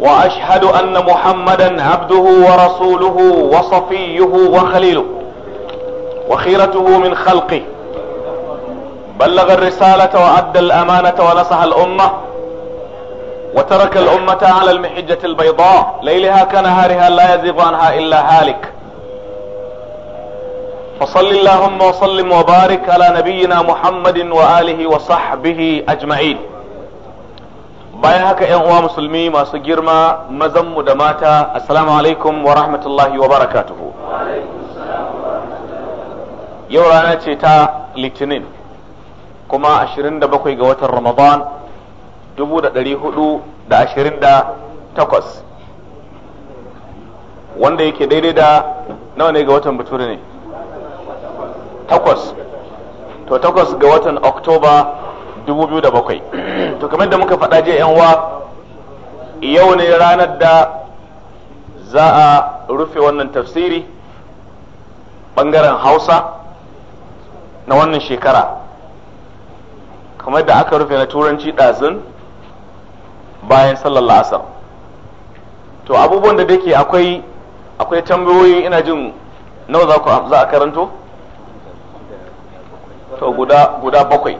واشهد ان محمدا عبده ورسوله وصفيه وخليله وخيرته من خلقه بلغ الرسالة وأدى الأمانة ونصح الأمة وترك الأمة على المحجة البيضاء ليلها كنهارها لا يزيغ عنها إلا هالك فصل اللهم وسلم وبارك على نبينا محمد وآله وصحبه أجمعين bayan haka yan uwa musulmi masu girma mazanmu da mata assalamu alaikum wa rahmatullahi wa barakatuhu yau rana ce ta litinin kuma 27 ga watan ramadan takwas wanda yake daidai da nawa ne ga watan bature ne takwas to takwas ga watan oktoba dubu biyu da bakwai to kamar da muka faɗa jiya yan wa yau ne ranar da za a rufe wannan tafsiri ɓangaren hausa na wannan shekara kamar da aka rufe na turanci ɗazin bayan sallar la'asar to abubuwan da dake akwai akwai tambayoyi ina jin nawa za a karanto to guda bakwai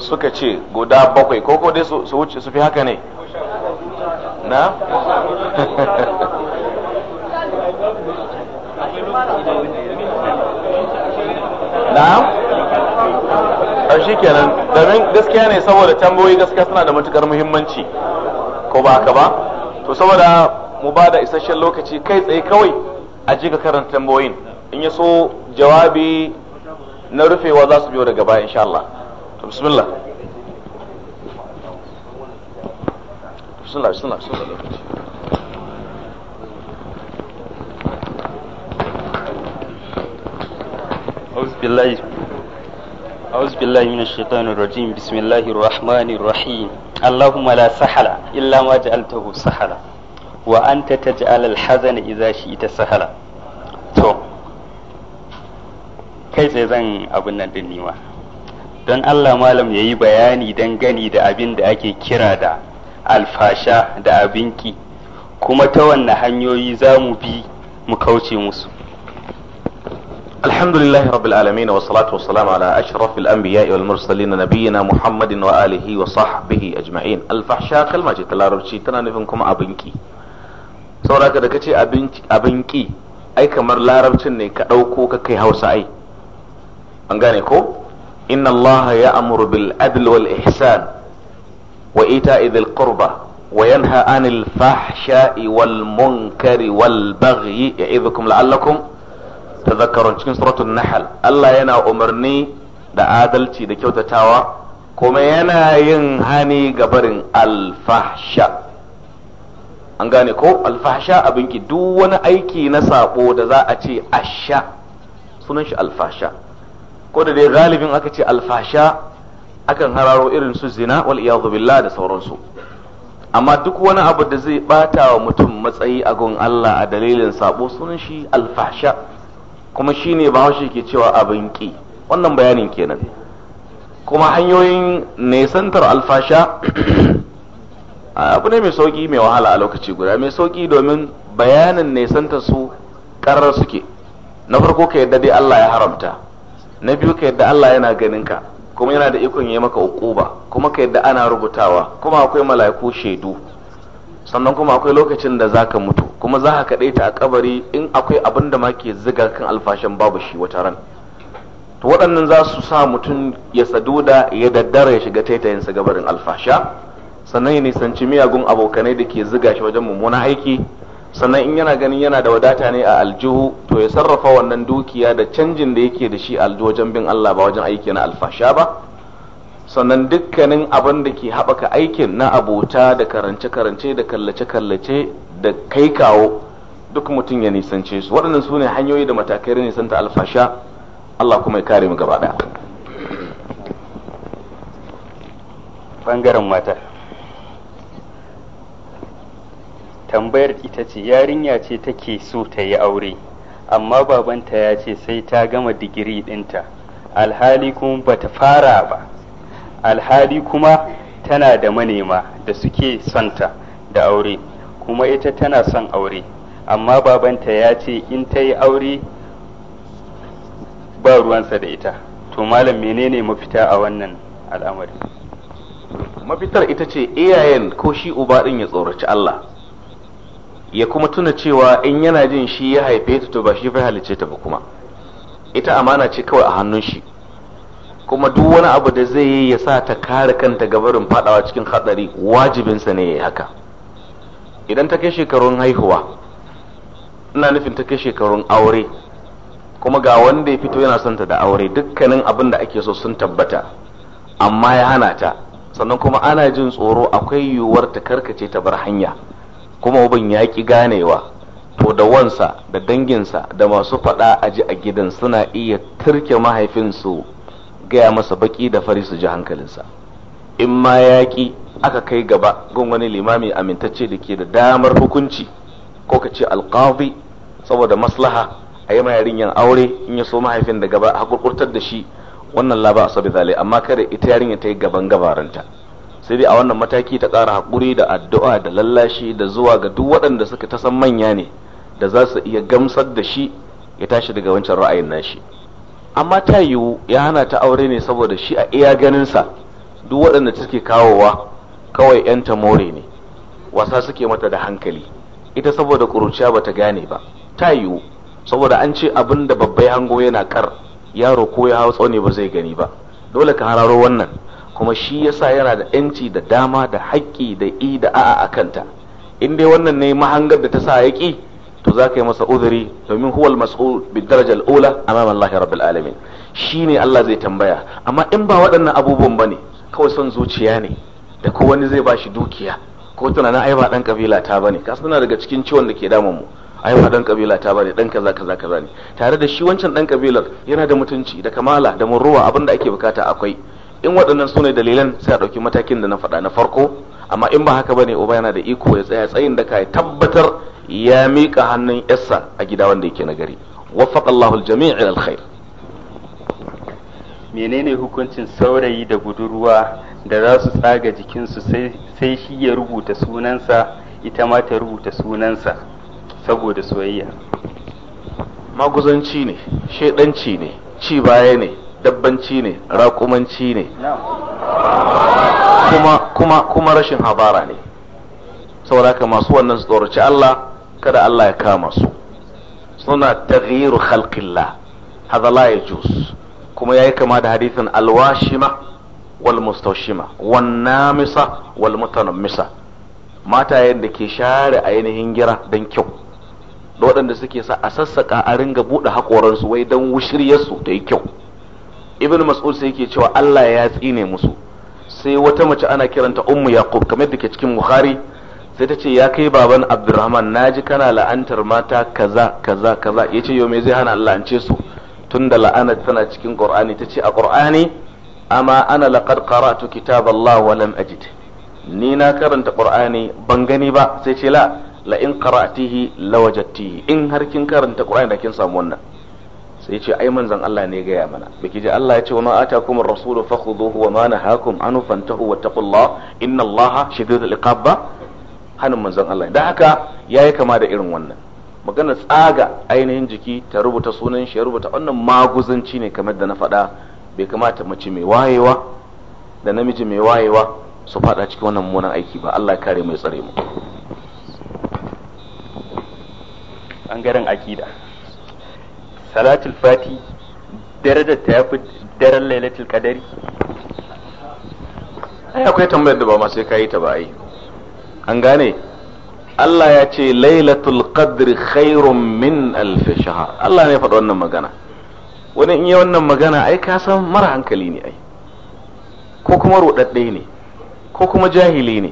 suka ce guda bakwai ko dai su wuce su fi haka ne na na shi kenan domin gaskiya ne saboda tambayoyi gaskiya suna da matukar muhimmanci ko ba haka ba to saboda mu ba da isasshen lokaci kai tsaye kawai a ji ka karanta tambayoyin in ya so jawabi na rufewa za su biyo daga baya insha Allah to bismillah bismillah bismillah bismillah lokaci أعوذ بالله أعوذ بالله من الشيطان الرجيم بسم الله الرحمن الرحيم اللهم لا سهل إلا ما جعلته سهلا وأنت تجعل الحزن إذا شئت سهلا to kai sai zan abin nan din niwa don Allah malam ya yi bayani don gani da abinda ake kira da alfasha da abinki kuma ta wanne hanyoyi za bi mu kauce musu. Alhamdulillahi Rabbi Alamin wa salatu ala ashirafil an biya iwal mursali na nabi na Muhammadin wa alihi a jima'in. Alfasha kalma ce ta larabci tana nufin kuma abinki. Sauraka da ka ce abinki ai kamar larabcin ne ka ɗauko ka kai hausa ai. An ko? إن الله يأمر بالعدل والإحسان وإيتاء ذي القربى وينهى عن الفحشاء والمنكر والبغي يعظكم لعلكم تذكرون cikin suratun nahl Allah yana umarni da adalci da kyautatawa kuma yana yin hani ga barin alfahsha an alfahsha abinki duk wani aiki na sabo da za a ce asha sunan shi alfahsha ko da dai galibin aka ce alfasha akan hararo irin su zina wal iyadu billah da sauransu amma duk wani abu da zai bata wa mutum matsayi a gun Allah a dalilin sabo sunan shi alfasha kuma shine bahaushe ke cewa abin ki wannan bayanin kenan kuma hanyoyin nesantar alfasha abu ne mai sauki mai wahala a lokaci guda mai sauki domin bayanin nesantar su karar suke na farko ka yadda dai Allah ya haramta na biyu ka yadda Allah yana ganin ka kuma yana da ikon ya yi maka uquba kuma ka yadda ana rubutawa kuma akwai mala'iku shaidu sannan kuma akwai lokacin da zaka mutu kuma za ka ta a kabari in akwai abin da ma ke ziga kan alfashin babu shi wata ran to waɗannan za su sa mutum ya saduda ya daddara ya shiga taitayin sa gabarin alfasha sannan ya nisanci miyagun abokanai da ke ziga shi wajen mummunan aiki sannan in yana ganin yana da wadata ne a aljihu to ya sarrafa wannan dukiya da canjin da yake da shi aljihu wajen bin Allah ba wajen aiki na alfasha ba sannan dukkanin abin da ke haɓaka aikin na abota da karance-karance da kallace-kallace da kai kawo duk mutum ya nisance su waɗannan su ne hanyoyi da matakai na nisanta alfasha Allah kuma ya kare mu gaba ɗaya bangaren mata tambayar ita ce yarinya ce take so ta yi aure amma babanta ya ce sai ta gama digiri ɗinta alhali kuma ba ta fara ba alhali kuma tana da manema da suke santa da aure kuma ita tana son aure amma babanta ya ce in ta yi aure ba ruwansa da ita to malam menene mafita a wannan al'amari mafitar ita ce iyayen ko shi uba ɗin ya tsoraci Allah ya kuma tuna cewa in yana jin shi ya haife ta to ba shi fa halicce ta ba kuma ita amana ce kawai a hannun shi kuma duk wani abu da zai yi ya sa ta kare kanta gabarin fadawa cikin hadari wajibinsa ne ya haka idan ta kai shekarun haihuwa ina nufin ta kai shekarun aure kuma ga wanda ya fito yana son ta da aure dukkanin abin da ake so sun tabbata amma ya hana ta sannan kuma ana jin tsoro akwai yiwuwar ta karkace ta bar hanya kuma uban ya ki ganewa to da wansa da danginsa da masu faɗa a ji a gidan suna iya turke mahaifinsu gaya masa baki da fari su ji hankalinsa in ma ya ki aka kai gaba gun wani limami amintacce da ke da damar hukunci ko ka ce alƙazi saboda maslaha a yi yin aure in ya so mahaifin da gaba a haƙurƙurtar da shi wannan laba a sabi zale amma kada ita yarinya ta yi gaban gabaranta sai dai a wannan mataki ta ƙara haƙuri da addu'a da lallashi da zuwa ga duk waɗanda suka ta san manya ne da za su iya gamsar da shi ya tashi daga wancan ra'ayin nashi amma ta yiwu ya hana ta aure ne saboda shi a iya ganinsa duk waɗanda suke kawowa kawai 'yan more ne wasa suke mata da hankali ita saboda ƙuruciya ba ta gane ba ta yiwu saboda an ce abin da babbai hango yana kar yaro ko ya hau tsauni ba zai gani ba dole ka hararo wannan kuma shi yasa yana da yanci da dama da haƙƙi da i da a'a a kanta in dai wannan ne mahangar da ta sa ya to za ka yi masa uzuri domin huwal mas'ul bi darajal ola ula amama Allah rabbil alamin shine Allah zai tambaya amma in ba waɗannan abubuwan bane kawai son zuciya ne da ko wani zai bashi dukiya ko tunanin ai ba dan kabila ta bane ka suna daga cikin ciwon da ke damun mu ai ba dan kabila ta bane dan kaza kaza kaza ne tare da shi wancan dan kabilar yana da mutunci da kamala da murruwa abinda ake bukata akwai in waɗannan su ne dalilan sai a ɗauki matakin da na faɗa na farko amma in ba haka bane uba yana da iko ya tsaya tsayin da ya tabbatar ya mika hannun yarsa a gida wanda yake na gari waffaqallahu aljami' ila alkhair menene hukuncin saurayi da budurwa da za su tsaga jikinsu sai shi ya rubuta sunansa ita ma ta rubuta sunansa saboda soyayya maguzanci ne shedanci ne ci baya ne dabbanci ne raƙumanci ne kuma kuma kuma rashin habara ne saboda ka masu wannan su tsoraci Allah kada Allah ya kama su suna taghyiru khalqillah hadha la yajuz kuma yayi kama da hadithin alwashima wal mustawshima wan namisa wal mutanammisa matayen da ke share ainihin gira dan kyau da waɗanda suke sa a sassaka a ringa buɗe haƙoransu wai don wushiriyarsu ta yi kyau ibn mas'ud sai yake cewa Allah ya tsine musu sai wata mace ana kiranta ummu yaqub kamar da ke cikin bukhari sai ta ce ya kai baban abdurrahman naji kana la'antar mata kaza kaza kaza yace yo me zai hana Allah an ce su tunda la'ana tana cikin qur'ani tace a qur'ani amma ana laqad qara'tu kitaballahi wa lam ajid ni na karanta qur'ani ban gani ba sai ce la la in qara'tihi lawajadtihi in har kin karanta qur'ani da kin samu wannan sai ce ai manzon Allah ne gaya mana baki ji Allah ya ce wa ma atakum ar-rasul khuduhu wa ma nahakum an fantahu taqullah inna Allah shadidul iqab hannun manzon Allah dan haka yayi kama da irin wannan magana tsaga ainihin jiki ta rubuta sunan shi ya rubuta wannan maguzanci ne kamar da na faɗa bai kamata mace mai wayewa da namiji mai wayewa su faɗa cikin wannan munan aiki ba Allah ya kare mai tsare mu An bangaren akida salatul fati darajar ta yafi daren lailatul qadari ai akwai tambayar da ba ma sai kayi ta ba ai an gane Allah ya ce lailatul qadri khairun min alf shahr Allah ne faɗa wannan magana wani in yi wannan magana ai ka san mara hankali ne ai ko kuma rudadde ne ko kuma jahili ne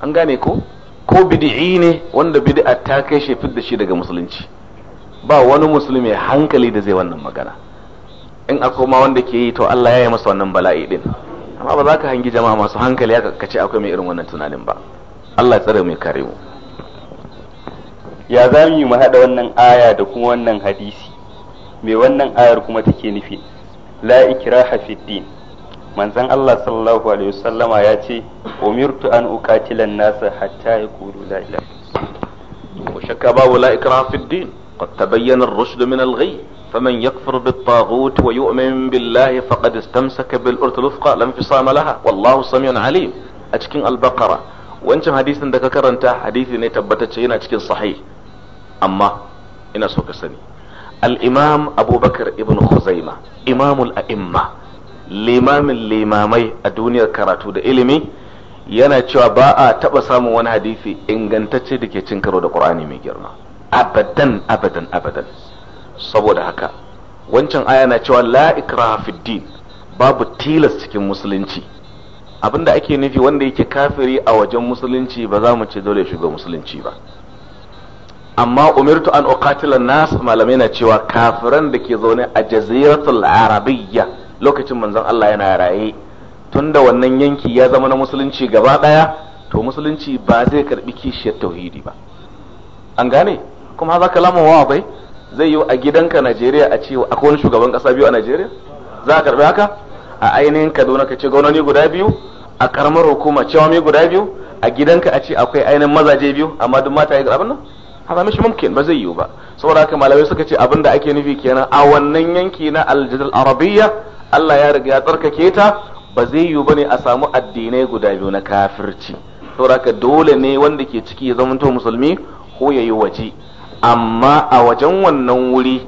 an gane ko ko bid'i ne wanda bid'a ta kai shi fidda shi daga musulunci ba wani musulmi hankali da zai wannan magana in akwai ma wanda ke yi to Allah ya yi masa wannan bala'i din amma ba za ka hangi jama'a masu hankali ka kace akwai mai irin wannan tunanin ba Allah ya tsare mu kare mu ya za mu yi mu haɗa wannan aya da kuma wannan hadisi me wannan ayar kuma take nufi la ikraha fid din manzon Allah sallallahu alaihi wasallama ya ce umirtu an uqatilan nasa hatta yaqulu la ilaha illallah shakka babu la ikraha fid din قد تبين الرشد من الغي فمن يكفر بالطاغوت ويؤمن بالله فقد استمسك بالأرض الوثقى لا انفصام لها والله سميع عليم أتكين البقرة wancan hadisin da ka karanta hadisi ne tabbatacce yana cikin sahih amma ina so ka sani al-imam abubakar ibn khuzaima imamul a'imma limamin limamai a duniyar karatu da ilimi yana cewa ba a taba samun wani hadisi ingantacce da ke cin karo da Ƙur'ani mai girma abadan abadan abadan saboda haka wancan aya na cewa la ikraha fid din babu tilas cikin musulunci abinda ake nufi wanda yake kafiri a wajen musulunci ba za mu ce dole shiga musulunci ba amma umirtu an uqatila nas malamai na cewa kafiran da ke zaune a jaziratul arabiyya lokacin manzon Allah yana raye tunda wannan yanki ya zama na musulunci gaba daya to musulunci ba zai karbi kishiyar tauhidi ba an gane kuma haza kalamun wawa bai zai yi a gidanka Najeriya a ce akwai wani shugaban kasa biyu a Najeriya za ka karbi haka a ainihin Kaduna ka ce gwamnoni guda biyu a karamar hukuma cewa guda biyu a gidanka a ce akwai ainihin mazaje biyu amma duk mata ya abin nan haka mishi mumkin ba zai yiwu ba saboda haka malamai suka ce abin da ake nufi kenan a wannan yanki na aljazal arabiyya Allah ya riga ya tsarkake ta ba zai yiwu ne a samu addinai guda biyu na kafirci saboda haka dole ne wanda ke ciki ya zama musulmi ko ya yi waje amma a wajen wannan wuri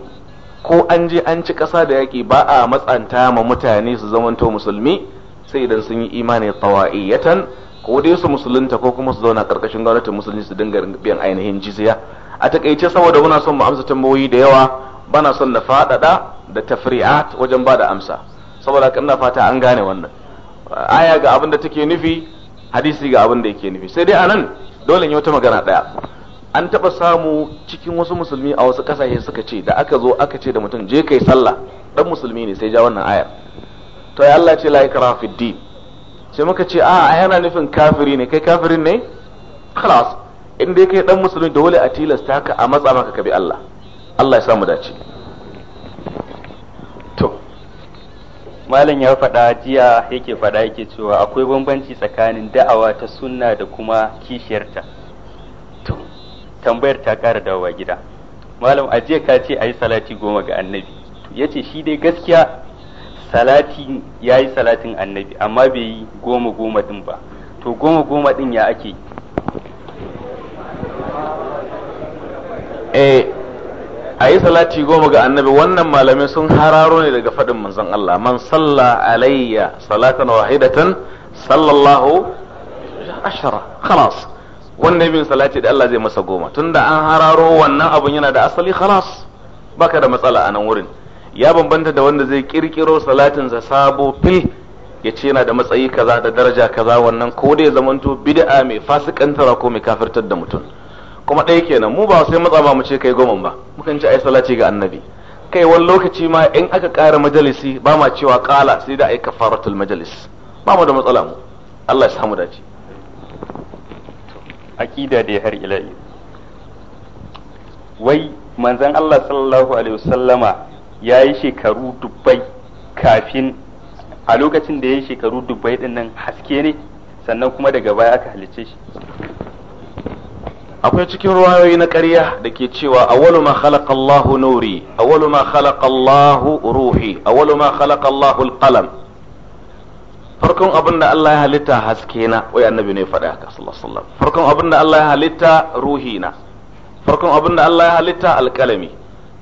ko an je an ci ƙasa da yaƙi ba a matsanta ma mutane su zamanto musulmi sai idan sun yi imani tawa'iyatan ko dai su musulunta ko kuma su zauna ƙarƙashin gwamnati, musulmi su dinga biyan ainihin jiziya, a takaice saboda muna son mu amsa tambayoyi da yawa bana son na faɗaɗa da tafri'at wajen ba da amsa saboda kan ina fata an gane wannan aya ga abin da take nufi hadisi ga abin da yake nufi sai dai anan dole ne wata magana ɗaya an taɓa samu cikin wasu musulmi a wasu kasashe suka ce da aka zo aka ce da mutum je kai sallah dan musulmi ne sai ja wannan ayar to ya Allah ce la ikra fi din sai muka ce a yana nufin kafiri ne kai kafirin ne khalas in dai kai dan musulmi dole a tilasta ka a matsa maka ka bi Allah Allah ya samu dace to malam ya faɗa jiya yake faɗa yake cewa akwai bambanci tsakanin da'awa ta sunna da kuma kishiyarta tambayar ta ƙara dawowa gida malam ajiya ka ce a yi salati goma ga annabi ya ce shi dai gaskiya salati ya yi salatin annabi amma bai yi goma goma din ba to goma goma din ya ake eh, a yi salati goma ga annabi wannan malamai sun hararo ne daga faɗin manzon Allah man salla alayya salatan wahidatan sallallahu ashara khalas wannan bin salati da Allah zai masa goma tunda an hararo wannan abun yana da asali khalas baka da matsala a nan wurin ya bambanta da wanda zai kirkiro salatin sa sabo fil ya ce yana da matsayi kaza da daraja kaza wannan ko dai ya zamanto bid'a mai fasikantar ko mai kafirtar da mutum kuma ɗaya kenan mu ba sai matsa ba mu ce kai goma ba mukan ci ai salati ga annabi kai wani lokaci ma in aka ƙara majalisi ba ma cewa ƙala sai da ai kafaratul majalis ba mu da matsala mu Allah ya samu dace aqida da har ila wai manzon Allah sallallahu alaihi wasallama ya yi shekaru dubbai kafin a lokacin da ya yi shekaru dubbai din nan haske ne sannan kuma daga baya aka halicce shi akwai cikin ruwayoyi na ƙarya da ke cewa awwalu ma khalaqa Allahu nuri awwalu ma khalaqa Allahu ruhi awwalu ma khalaqa Allahu al farkon abin da Allah ya halitta haske na wai annabi ne faɗa haka sallallahu alaihi wasallam farkon abin da Allah ya halitta ruhi na farkon abin da Allah ya halitta alƙalami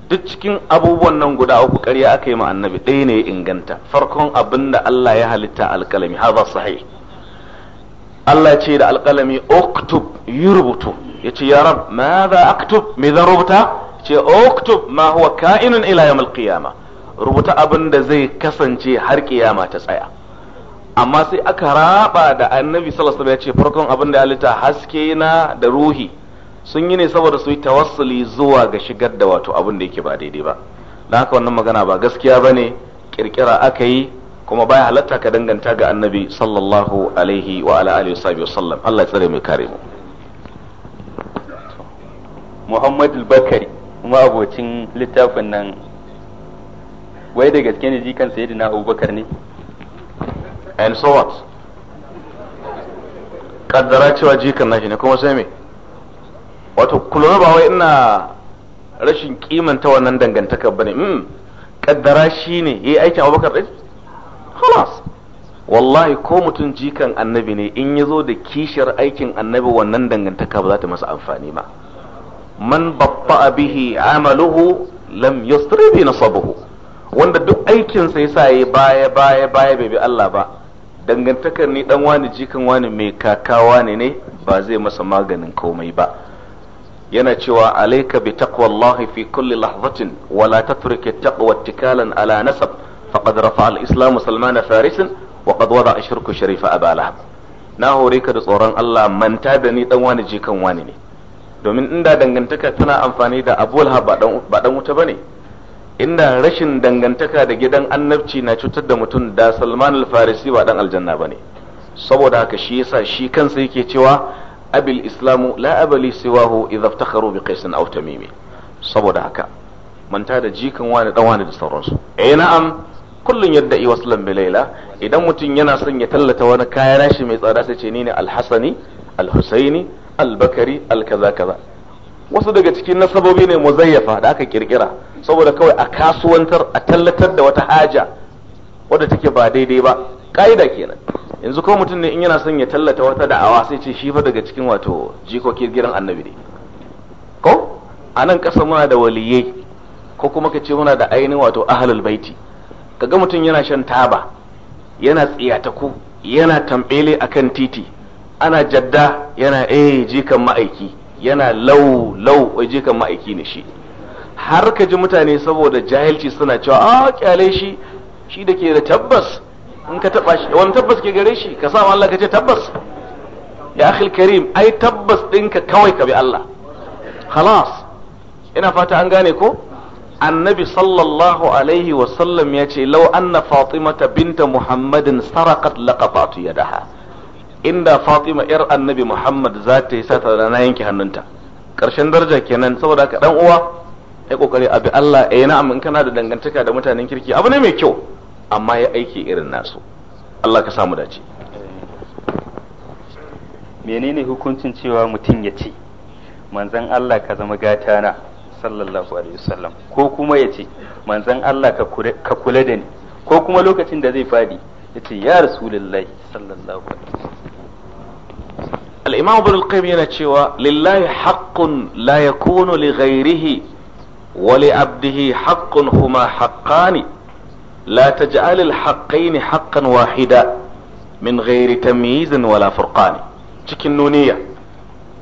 duk cikin abubuwan nan guda uku ƙarya aka yi ma annabi ɗaya ne ya inganta farkon abin da Allah ya halitta alƙalami hadha sahih Allah ce da alƙalami uktub yurbutu ce ya rab ma za aktub me zan rubuta ce uktub ma huwa ka'inun ila yawm qiyama rubuta abin da zai kasance har kiyama ta tsaya amma sai aka raba da annabi sallallahu alaihi ya ce farkon abin da halitta haske na da ruhi sun yi ne saboda su yi tawassuli zuwa ga shigar da wato abin da yake ba daidai ba don haka wannan magana ba gaskiya ba ne kirkira aka yi kuma baya halatta ka danganta ga annabi sallallahu alaihi wa ala alihi wa sallam Allah ya tsare mai kare mu Muhammad Bakari kuma abocin littafin nan wai da gaske ne jikan sayyidina Abubakar ne and so what kaddara cewa jikan nashi ne kuma sai me wato kullum ba wai ina rashin kimanta wannan dangantaka bane mm kaddara shine yi aikin Abubakar ɗin? خلاص wallahi ko mutum jikan annabi ne in ya zo da kishiyar aikin annabi wannan dangantaka ba za ta masa amfani ba man babba bihi amaluhu lam yusri bi nasabuhu wanda duk aikinsa sai sa yi baya baya baya bai bi Allah ba dangantakar ni dan wani jikan wani mai kakawa ne ne ba zai masa maganin komai ba yana cewa alaika bi taqwallahi fi kulli lahzatin wa la tatrik at-taqwa ittikalan ala nasab faqad rafa al-islamu salmana farisin wa qad wada ashirku sharifa aba na hore ka da tsoron Allah manta da ni dan wani jikan wani ne domin inda dangantaka tana amfani da abul haba ba dan wuta bane inda rashin dangantaka da gidan annabci na cutar da mutum da salman al-farisi ba dan aljanna ba ne, saboda haka shi yasa shi kansa yake cewa abil islamu la abali siwahu idza iftakharu bi qaisin aw tamimi saboda haka manta da jikan wani dan wani da sauransu eh na'am kullun yadda i waslan bi laila idan mutum yana son ya tallata wani kaya rashi mai tsada sai ce ni ne al-hasani al-husaini al-bakari al-kaza kaza wasu daga cikin nasabobi ne muzayyafa da aka kirkira saboda kawai a kasuwantar a tallatar da wata haja wadda take ba daidai ba ka'ida kenan yanzu kawai mutum ne in yana son ya tallata wata da'awa sai ce shi fa daga cikin wato jikokin gidan annabi ne ko a nan ƙasa muna da waliyai ko kuma ka ce muna da ainihin wato ahalul baiti kaga mutum yana shan taba yana tsiyataku yana tambele akan titi ana jadda yana eh jikan ma'aiki yana lau lau waje kan ma'aiki ne shi har ka ji mutane saboda jahilci suna cewa a ah, kyale shi shi da ke da tabbas in ka taba shi wani tabbas ke gare shi ka sa Allah ka ce tabbas ya akhil karim ai tabbas ɗinka kawai ka bi Allah khalas ina fata an gane ko annabi sallallahu alaihi wasallam ya ce lau anna fatimata binta muhammadin sarakat laqatu yadaha inda Fatima yar Annabi Muhammad za ta yi sata da na yanke hannunta ƙarshen daraja kenan saboda haka dan uwa ya kokari abi Allah eh na'am in kana da dangantaka da mutanen kirki abu ne mai kyau amma ya aiki irin nasu Allah ka samu dace menene hukuncin cewa mutum ya ce manzon Allah ka zama gata na sallallahu alaihi wasallam ko kuma ya ce manzon Allah ka kula da ni ko kuma lokacin da zai fadi ya ce ya rasulullahi sallallahu alaihi wasallam al-imam ibn al-qayyim yana cewa lillahi haqqun la yakunu li ghayrihi wa li abdihi haqqun huma haqqani la taj'al al-haqqayn haqqan wahida min ghairi tamyizin wala furqani cikin nuniya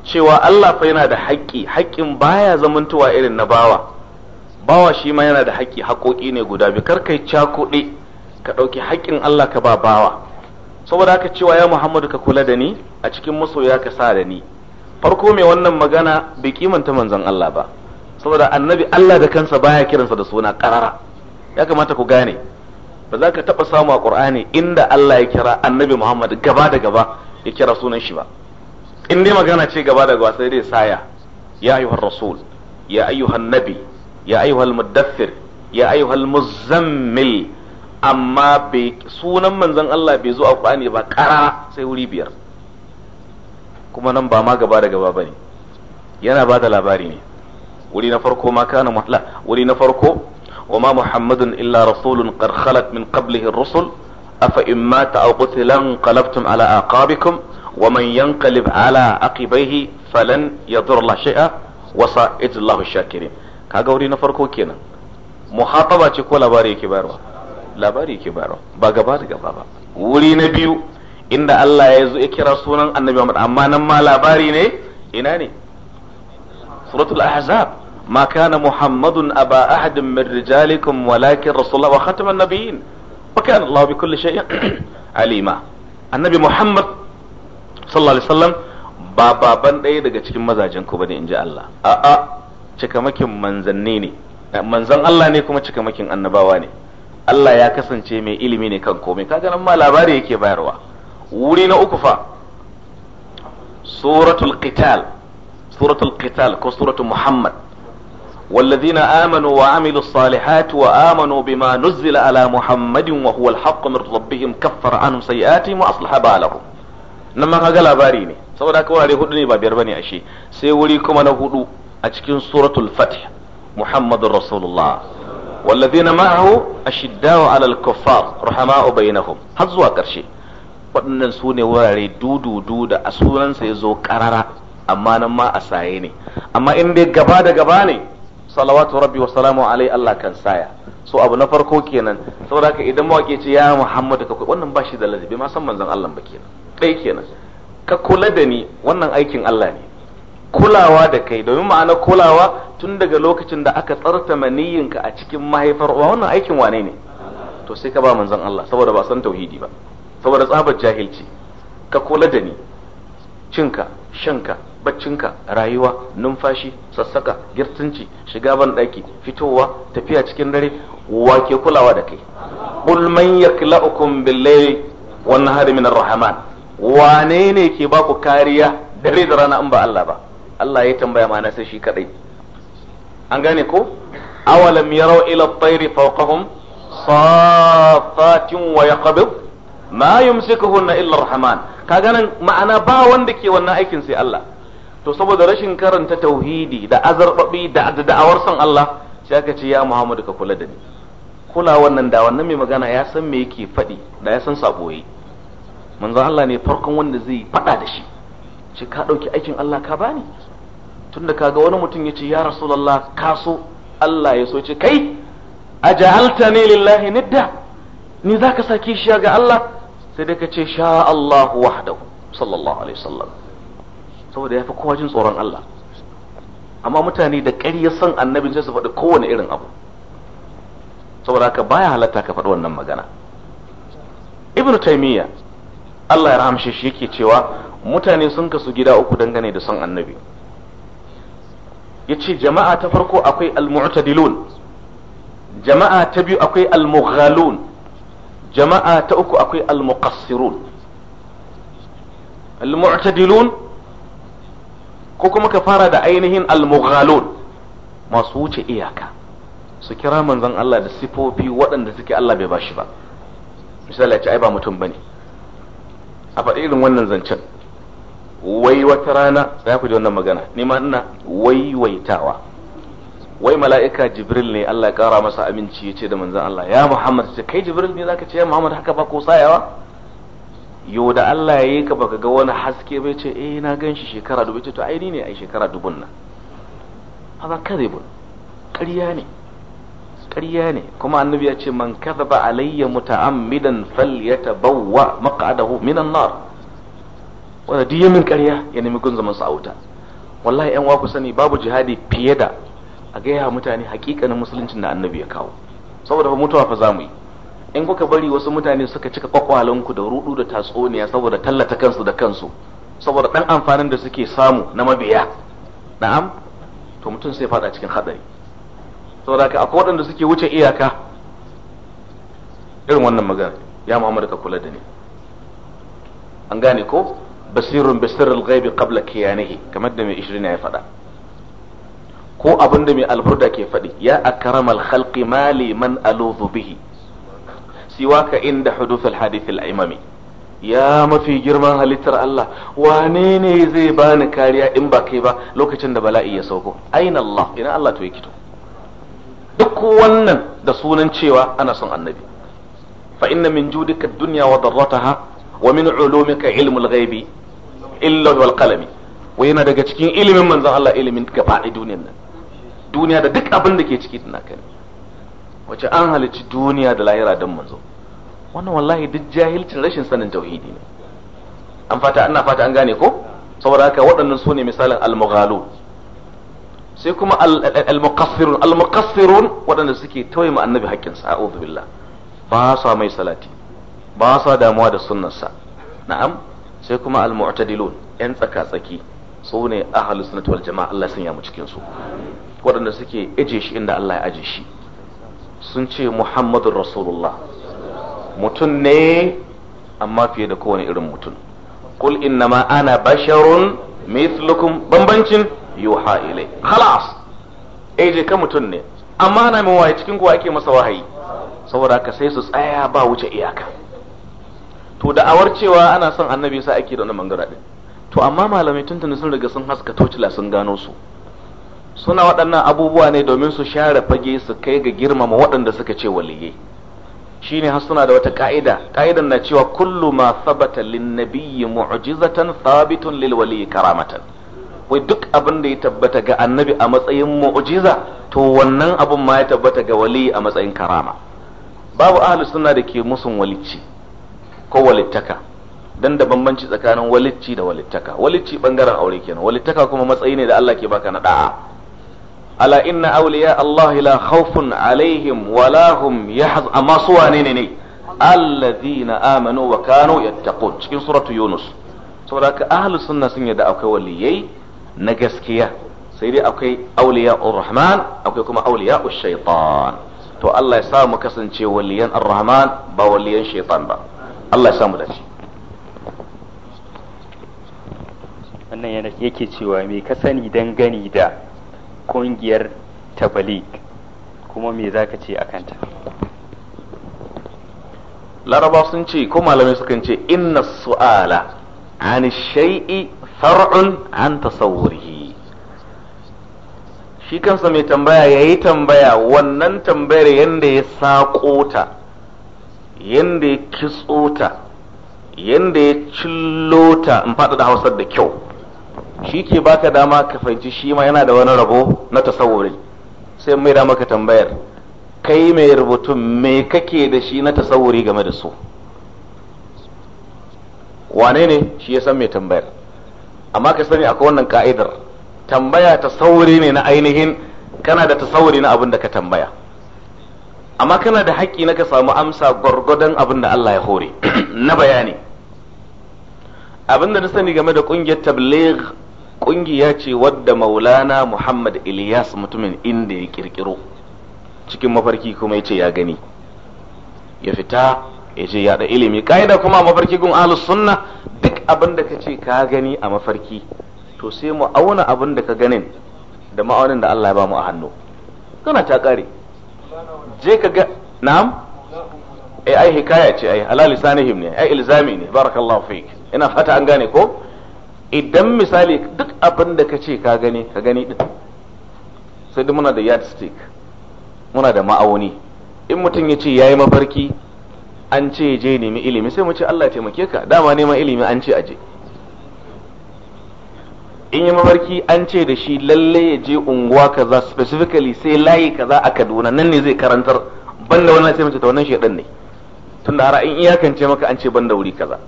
cewa Allah fa yana da haƙƙi haƙƙin baya zamantowa irin na bawa bawa shi ma yana da hakki haƙoƙi ne guda biyu kar kai cakuɗe ka ɗauki haƙƙin Allah ka ba bawa saboda haka cewa ya Muhammadu ka kula da ni a cikin masoya ka sa da ni farko mai wannan magana bai kimanta manzon Allah ba saboda annabi Allah da kansa baya kiransa da suna karara ya kamata ku gane ba za ka taɓa samu a ƙur'ani inda Allah ya kira annabi Muhammad gaba da gaba ya kira sunan shi ba in dai magana ce gaba da gaba sai dai saya ya ayyuhar rasul ya ayyuhan nabi ya ayyuhal muddathir ya ayyuhal muzammil amma sunan manzon Allah bai zo a Qur'ani ba ƙara sai wuri biyar kuma nan ba ma gaba da gaba bane yana ba da labari ne wuri na farko ma kana mahla wuri na farko wa ma muhammadun illa rasulun qad min qablihi ar-rusul afa in mata aw qutila qalabtum ala aqabikum wa man yanqalib ala aqibaihi falan yadur la shay'a wa sa'idullahu shakirin kaga wuri na farko kenan muhataba ce ko labari yake bayarwa labari ke bayarwa ba gaba da gaba ba wuri na biyu inda Allah ya zo ya kira sunan annabi Muhammad amma nan ma labari ne ina ne suratul ahzab ma kana muhammadun aba ahadin min rijalikum walakin rasulullah wa khataman nabiyyin wa kana Allah bi kulli shay'in alima annabi Muhammad sallallahu alaihi wasallam ba baban ɗaya daga cikin mazajen ku bane inji Allah a'a cikamakin manzanni ne manzan Allah ne kuma cikamakin annabawa ne Allah ya kasance mai ilimi ne kan komai kaga nan ma labari yake bayarwa wuri na uku fa suratul qital suratul qital ko suratul muhammad amanu bima وعملوا ala muhammadin wa huwa على محمد وهو الحق من ربهم كفر عنهم سيئاتهم وأصلح بالهم ma kaga labari ne saboda haka wurare hudu ne ba biyar bane ashe sai wuri kuma na hudu a cikin suratul fath Muhammadur Rasulullah wallazina ma'ahu ashiddaw 'alal kuffar rahama'u bainahum har zuwa karshe waɗannan su ne wurare dudu da a sunansa ya zo ƙarara amma nan ma a saye ne amma in dai gaba da gaba ne salawatu rabbi wa salamu alai Allah kan saya so abu na farko kenan saboda haka idan mawaki ce ya Muhammadu ka wannan ba shi da ladabi ma san manzon Allah ba kenan ɗaya kenan ka kula da ni wannan aikin Allah ne kulawa da kai domin ma'ana kulawa tun daga lokacin da aka tsarta maniyinka a cikin mahaifar uwa wannan aikin wane ne to sai ka ba manzon Allah saboda ba san tauhidi ba saboda tsabar jahilci ka kula da ni cinka shanka baccinka rayuwa numfashi sassaka girtinci shiga ban daki fitowa tafiya cikin dare wake kulawa da kai qul man yaklaukum bil wan nahari min ar-rahman wane ne ke baku kariya dare da rana in ba Allah ba Allah ya tambaya ma na shi kadai an gane ko awalam yaraw ila at-tayri fawqahum safatin wa yaqbid ma yumsikuhunna illa ar-rahman Ka ganin ma'ana ba wanda ke wannan aikin sai Allah to saboda rashin karanta tauhidi da azarbabi da da'awar son Allah sai aka ce ya Muhammadu ka kula da ni kula wannan da wannan mai magana ya san me yake faɗi da ya san sabo yi manzon Allah ne farkon wanda zai faɗa da shi ce ka ɗauki aikin Allah ka bani tunda kaga wani mutum ya ce ya rasulallah ka so Allah ya so ce kai ne lillahi nidda ni za ka sa kishiya ga Allah sai dai ka ce sha Allahu wahdahu sallallahu alaihi wasallam saboda ya fi kowa jin tsoron Allah amma mutane da ƙarya san annabi sai su faɗi kowane irin abu saboda haka baya halatta ka faɗi wannan magana ibnu taymiya Allah ya rahamshe shi yake cewa mutane sun kasu gida uku dangane da son annabi yace jama'a ta farko akwai al-mu'tadilun jama'a ta biyu akwai al-mughalun jama'a ta uku akwai al-muqassirun al-mu'tadilun ko kuma ka fara da ainihin al-mughalun masu wuce iyaka su kira manzon Allah da sifofi waɗanda suke Allah bai bashi ba misali a ce ai ba mutum bane a faɗi irin wannan zancen wai wata rana za ku ji wannan magana ni ma ina Wai waiwaitawa wai mala'ika jibril ne Allah ya kara masa aminci ya ce da manzon Allah ya Muhammad ce kai jibril ne zaka ce ya Muhammad haka ba ko sayawa yo da Allah ya yi ka baka ga wani haske bai ce eh na gan shekara dubu ce to ai ne ai shekara dubun nan haka kadibun ƙarya ne ƙarya ne kuma annabi ya ce man kadhaba alayya muta'ammidan falyatabawwa maq'adahu minan nar wanda duk yamin ƙarya ya nemi gun zaman sa a wuta wallahi yan ku sani babu jihadi fiye da a gaya mutane hakikanin musuluncin da annabi ya kawo saboda fa mutuwa fa zamu yi in kuka bari wasu mutane suka cika kwakwalanku da rudu da tatsuniya saboda tallata kansu da kansu saboda dan amfanin da suke samu na mabiya na'am to mutum sai fada cikin hadari saboda ka akwai waɗanda suke wuce iyaka irin wannan magana ya Muhammad ka kula da ni an gane ko basirun bisirril ghaibi qabla kiyanihi kamar da mai ishirin ya faɗa ko abin da mai alburda ke faɗi ya akramal khalqi mali man aluzu bihi siwaka inda huduthul hadithil imami ya mafi girman halittar Allah wane ne zai bani kariya in ba kai ba lokacin da bala'i ya sauko aina Allah ina Allah to yake to duk wannan da sunan cewa ana son annabi fa inna min judika dunya wa darrataha wa min ulumika ilmul ghaibi illa wal qalami wai yana daga cikin ilimin manzon Allah ilimin gaba da duniyar nan duniya da duk abin da ke ciki tana kai wace an halici duniya da lahira dan manzo wannan wallahi duk jahilcin rashin sanin tauhidi ne an fata ana fata an gane ko saboda haka waɗannan su ne misalin al-mughalu sai kuma al muqassirun waɗanda suke tauye ma annabi haƙƙin sa a'udhu billah ba sa mai salati ba sa damuwa da sunnarsa na'am sai kuma al-mu'tadilun yan tsaka tsaki su ne ahlus sunnah wal jama'a Allah sanya mu cikin su waɗanda suke ije shi inda Allah ya aje shi sun ce Muhammadur Rasulullah mutum ne amma fiye da kowane irin mutum kul innama ana basharun mithlukum bambancin yuha ilai khalas eje ka mutum ne amma ana mai wahayi cikin kuwa ake masa wahayi saboda ka sai su tsaya ba wuce iyaka to da awar cewa ana son annabi sa ake da wannan mangara din to amma malamai tuntuni sun riga sun haska tocila sun gano su suna waɗannan abubuwa ne domin su share fage su kai ga girmama waɗanda suka ce waliyai shine har suna da wata ka'ida ka'idan na cewa kullu ma sabata lin nabiyyi mu'jizatan thabitun lil waliyyi karamatan wai duk abin da ya tabbata ga annabi a matsayin mu'jiza to wannan abin ma ya tabbata ga wali a matsayin karama babu ahlus sunna da ke musun walici ko walittaka dan da bambanci tsakanin walicci da walittaka walicci bangaren aure kenan walittaka kuma matsayi ne da Allah ke baka na da'a ala inna awliya Allah la khawfun alaihim wa la hum yahz amma su wane ne ne alladhina amanu wa kanu yattaqun cikin suratu yunus saboda ka ahli sunna sun yadda akwai waliyai na gaskiya sai dai akwai ar rahman akwai kuma ash-shaytan to Allah ya sa mu kasance waliyan ar-rahman ba waliyan shaytan ba Allah ya samu dace wannan yake cewa me ka sani dangane da kungiyar tabalik kuma me za ka ce a kanta laraba sun ce ko malamai sukan ce inna su'ala an shay'i far'un an tasawwurihi shi kansa mai tambaya yayi tambaya wannan tambayar yanda ya saƙo ta yanda ya kitso ta, yanda ya cillo ta in faɗa da hausar da kyau shi ke baka dama ka fahimci shi ma yana da wani rabo na tasawuri sai mai dama ka tambayar kai mai rubutun me kake da shi na tasawuri game da su wane ne shi ya san mai tambayar amma ka sani akwai wannan ka'idar tambaya tasawuri ne na ainihin kana da tasawuri na abin da ka tambaya amma kana da haƙƙi na ka samu amsa gwargwadon abin da Allah ya hore na bayani abin da na sani game da ƙungiyar tabligh ƙungiya ce wadda maulana muhammad ilyas mutumin inda ya ƙirƙiro cikin mafarki kuma ya ce ya gani ya fita ya ce yaɗa da ilimi ƙa'ida kuma a mafarki gun alus sunna duk abin da ka ce ka gani a mafarki to sai mu auna abin da ka ganin da ma'aunin da Allah ya ba mu a hannu kana ta ƙare je ka ga na'am ai eh, ai hikaya ce ai ala lisanihim ne ai ilzami ne barakallahu fik ina fata an gane ko idan misali duk abin da kace ce ka gani ka gani din sai duk muna da yardstick muna da ma'auni in mutum ya ce yayi mafarki an ce je nemi ilimi sai mu ce Allah ya taimake ka dama neman ilimi an ce aje in yi mafarki an ce da shi lalle ya je unguwa kaza specifically sai layi kaza a Kaduna nan ne zai karantar banda wannan sai mace ta wannan shedan ne tunda da in iyakance maka an ce banda wuri kaza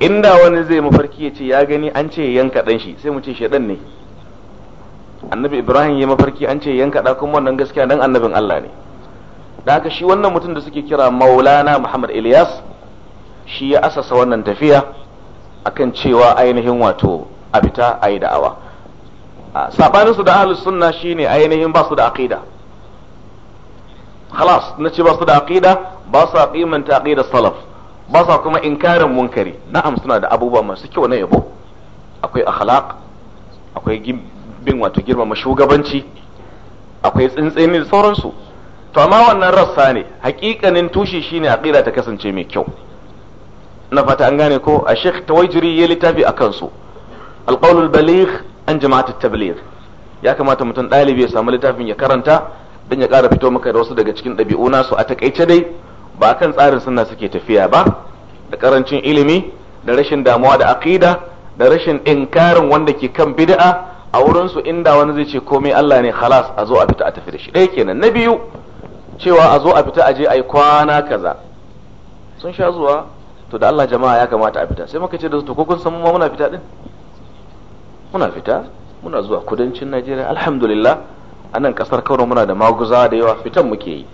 inda wani zai mafarki ya ce ya gani an ce yanka dan shi sai mu ce shedan ne annabi Ibrahim ya mafarki an ce yanka da kuma wannan gaskiya dan annabin Allah ne da haka shi wannan mutum da suke kira Maulana Muhammad Ilyas shi ya asasa wannan tafiya akan cewa ainihin wato a fita a yi da'awa saɓaninsu da ahlus sunna shine ainihin ba su da aƙida halas na ce ba su da aƙida ba su kimanta aƙida salaf ba su kuma inkarin munkari na'am suna da abubuwa masu kyau na yabo akwai akhlaq akwai bin wato girmama shugabanci akwai tsintsini da sauransu to amma wannan rassa ne hakikanin tushe shine aqida ta kasance mai kyau na fata an gane ko a ta Tawajiri ya littafi akan su alqaulul baligh an jama'at tabligh ya kamata mutum ɗalibi ya samu littafin ya karanta don ya ƙara fito maka da wasu daga cikin ɗabi'u nasu a taƙaice dai ba kan tsarin sunna suke tafiya ba da karancin ilimi da rashin damuwa da aqida da rashin inkarin wanda ke kan bid'a a wurin su inda wani zai ce komai Allah ne khalas a zo a fita a tafi da shi ɗaya kenan na biyu cewa a zo a fita a je a yi kwana kaza sun sha zuwa to da Allah jama'a ya kamata a fita sai muka ce da su to ko kun san mu muna fita din muna fita muna zuwa kudancin najeriya alhamdulillah a nan kasar kano muna da maguza da yawa fitan muke yi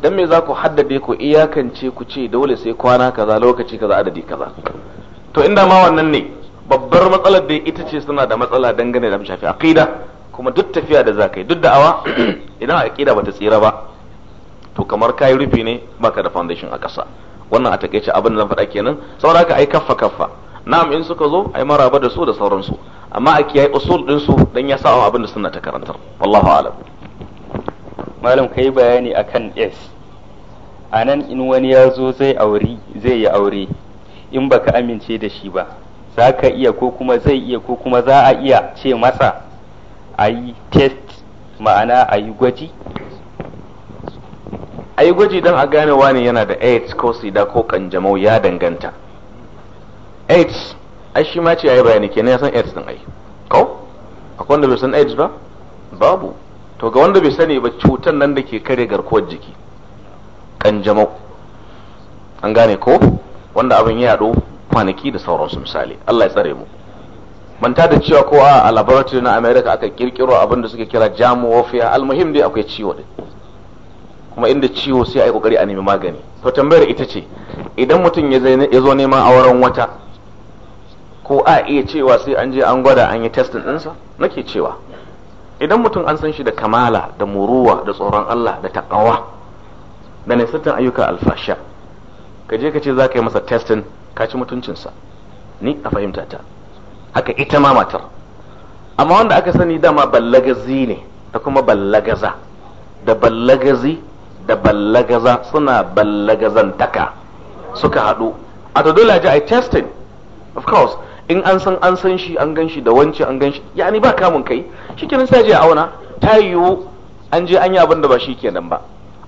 dan me za ku haddade ku iyakance ku ce dole sai kwana kaza lokaci kaza adadi kaza to inda ma wannan ne babbar matsalar da ita ce suna da matsala dangane da shafi aqida kuma duk tafiya da za ka yi duk awa idan aqida ta tsira ba to kamar kai rufi ne baka da foundation a ƙasa wannan a takaice abin da zan faɗa kenan saboda haka ai kaffa kaffa na'am in suka zo ai maraba da su da sauransu amma a kiyaye usul din su dan ya sa'a abin da sunna ta karantar wallahu a'lam malam kai bayani akan s anan in wani ya zo zai aure zai yi aure in baka amince da shi ba za ka iya ko kuma zai iya ko kuma za a iya ce masa a yi test ma'ana a gwaji a gwaji don a gane wani yana da aids ko sida ko kanjamau ya danganta AIDS ai shi ma ce yayi bayani kenan ya san AIDS din ai ko akwai wanda bai san AIDS ba babu to ga wanda bai sani ba cutar nan da ke kare garkuwar jiki kanjamau an gane ko wanda abin ya yaɗo kwanaki da sauransu misali Allah ya tsare mu manta da cewa ko a laboratory na America aka kirkiro abin da suke kira jamu warfare almuhim dai akwai ciwo din kuma inda ciwo sai a yi kokari a nemi magani to tambayar ita ce idan mutum ya zo neman auren wata ko a iya cewa sai an je an gwada an yi testin ɗinsa nake cewa idan mutum an san shi da kamala da muruwa da tsoron Allah da taƙawa da nisantar ayyuka alfasha ka je ka ce za ka yi masa testin ka ci mutuncinsa ni a fahimta ta haka ita ma matar amma wanda aka sani dama ballagazi ne da kuma ballagaza da ballagazi da ballagaza suna ballagazantaka suka haɗu a to dole a ji a yi testing of course in an san an san shi an gan shi da wance an gan shi yani ba kamun kai shikenan sai je auna ta yiwu an je an yi abin da ba shi kenan ba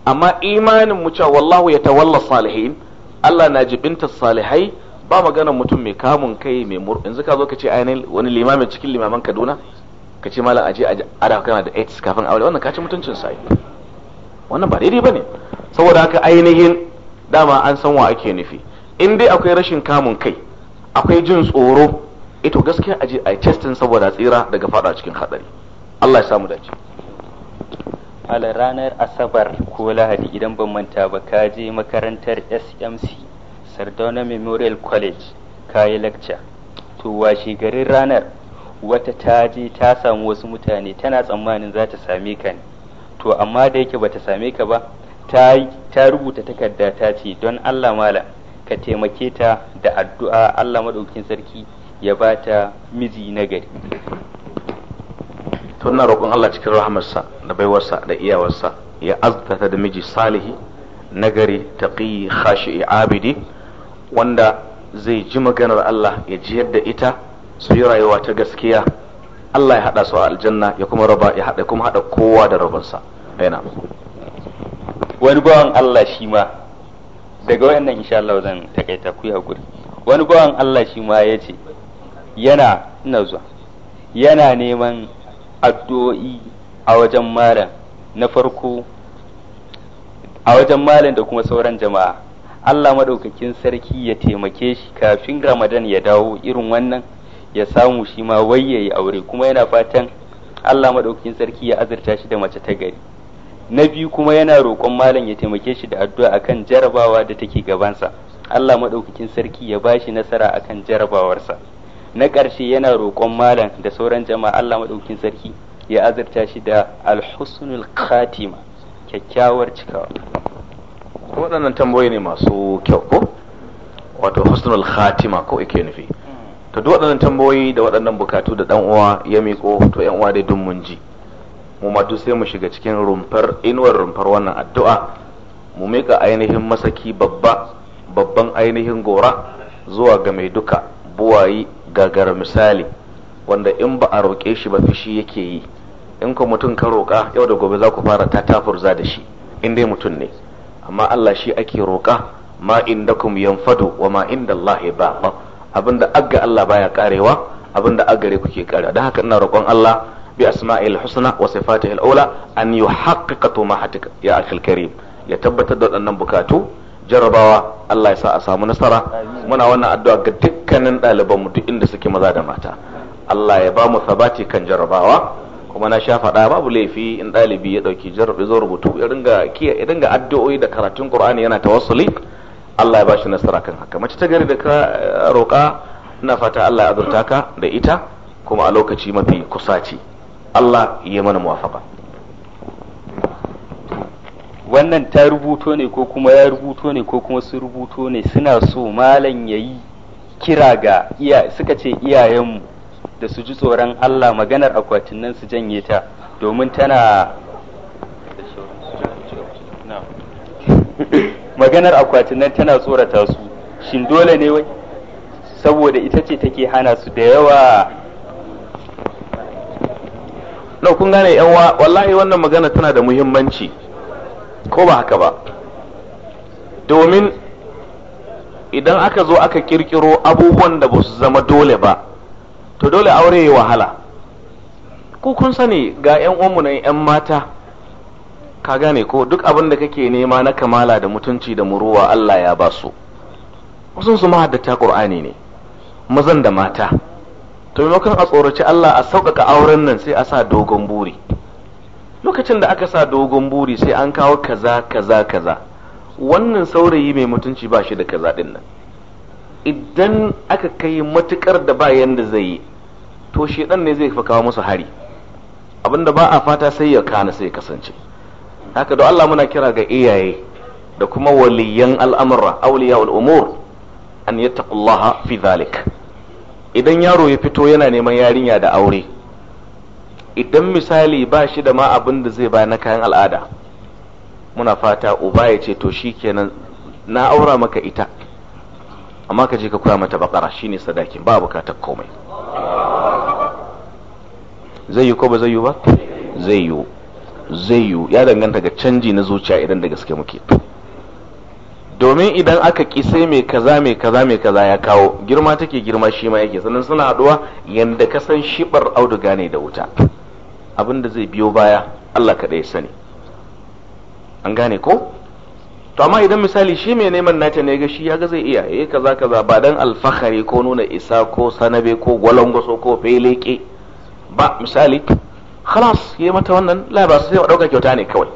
amma imanin mu cewa wallahu ya tawalla salihin Allah na jibinta salihai ba magana mutum mai kamun kai mai mur yanzu ka zo ka ce ainihin wani limamin cikin limaman Kaduna ka ce malam aje ada kana da AIDS kafin aure wannan ka ci mutuncin sai wannan ba daidai bane saboda haka ainihin dama an san wa ake nufi in dai akwai rashin kamun kai akwai jin tsoro ito eh gaskiya a je a yi testin saboda tsira daga fada cikin hadari Allah ya samu dace a ranar asabar ko lahadi idan ban manta ba ka je makarantar smc sardauna memorial college ka yi lecture to washe garin ranar wata ta je ta samu wasu mutane tana tsammanin za ta same ka ne to amma da yake ta same ka ba ta rubuta takarda ta ce don allah malam ka taimake ta da addu'a Allah maɗaukin sarki ya ba ta miji na gari to roƙon Allah cikin rahamarsa da baiwarsa da iyawarsa ya aztata da miji salihi nagari ta khashi'i abidi wanda zai ji maganar Allah ya ji yadda ita su yi rayuwa ta gaskiya Allah ya haɗa su a aljanna ya kuma raba ya haɗa kuma haɗa kowa da rabansa wani bawan Allah shi ma daga wannan insha Allah zan takaita ku hakuri wani bawan Allah shi ma ya ce yana ina zuwa yana neman addu'o'i a wajen malam na farko a wajen malam da kuma sauran jama'a Allah madaukakin sarki ya taimake shi kafin Ramadan ya dawo irin wannan ya samu shi ma wai yayi aure kuma yana fatan Allah madaukakin sarki ya azurta shi da mace ta gari na biyu kuma yana roƙon malam ya taimake shi da addu'a akan jarabawa da take gabansa Allah maɗaukakin sarki ya bashi nasara akan jarabawarsa na ƙarshe yana roƙon malam da sauran jama'a Allah maɗaukakin sarki ya azurta shi da alhusnul khatima kyakkyawar cikawa waɗannan tambayoyi ne masu kyau ko wato husnul khatima ko yake nufi hmm. to duk waɗannan tambayoyi da waɗannan bukatu da dan uwa ya miƙo to yan uwa dai dun mun ji mu ma sai mu shiga cikin rumfar inuwar rumfar wannan addu'a mu mika ainihin masaki babba babban ainihin gora zuwa ga mai duka buwayi gagara misali wanda in ba a roƙe shi ba fishi yake yi in ku mutum ka roƙa yau da gobe za ku fara ta za da shi in dai mutum ne amma Allah shi ake roƙa ma inda indakum yanfadu wa ma inda Allah ba abinda agga Allah baya karewa abinda agare kuke karewa don haka ina roƙon Allah Husna الحسنى وصفاته الأولى an yi طموحاتك يا أخي الكريم ya tabbatar da waɗannan bukatu jarrabawa Allah ya sa a samu nasara muna wannan addu'a ga dukkanin ɗaliban mu duk inda suke maza da mata Allah ya ba mu sabati kan jarrabawa kuma na sha fada babu laifi in ɗalibi ya ɗauki jarrabi zo rubutu ya ringa kiya ya dinga addu'o'i da karatun Qur'ani yana tawassuli Allah ya ba shi nasara kan haka mace ta gari da ka eh, roƙa ina fata Allah ya azurta ka da ita kuma a lokaci mafi kusaci Allah ya mana muwafaka wannan ta rubuto ne ko kuma ya rubuto ne ko kuma su rubuto ne suna so malam ya yi kira ga iya suka ce iyayenmu da su ji tsoron Allah maganar akwatin nan su janye ta domin tana maganar akwatin nan tana tsorata su shin dole ne wai saboda ita ce take hana su da yawa kun gane yan wallahi wannan magana tana da muhimmanci ko ba haka ba domin idan aka zo aka kirkiro abubuwan da ba su zama dole ba to dole aure ya wahala ko kun sani ga yan uwanmu na yan mata ka gane ko duk abin da kake nema na kamala da mutunci da muruwa Allah ya ba su wasu su ma haddata ne mazan da mata to maimakon a tsoraci Allah a sauƙaƙa auren nan sai a sa dogon buri lokacin da aka sa dogon buri sai an kawo kaza kaza kaza wannan saurayi mai mutunci ba shi da kaza din nan idan aka kai matukar da ba yanda zai yi to shi ne zai fi kawo musu hari abinda ba a fata sai ya kana sai ya kasance haka da Allah muna kira ga iyaye da kuma waliyan al'amura awliya al-umur an yattaqullaha fi dhalik idan yaro ya fito yana neman yarinya da aure idan misali ba shi da ma abin da zai ba na kayan al'ada muna fata uba ya ce to shi kenan na aura maka ita amma ka je ka koya mata bakara shine sadakin ba bukatar komai zai yi ko ba zai yi ba zai yi zai yi ya danganta ga canji na zuciya idan da gaske muke domin idan aka ki sai mai kaza mai kaza mai kaza ya kawo girma take girma shi ma yake sannan suna haduwa yanda ka san shibar auduga ne da wuta abin da zai biyo baya Allah kaɗai sani an gane ko to amma idan misali shi mai neman nata ne ga shi ya ga zai iya eh kaza kaza ba dan alfahari ko nuna isa ko sanabe ko gwalangwaso ko feleke ba misali ya yi mata wannan su sai wa dauka kyauta ne kawai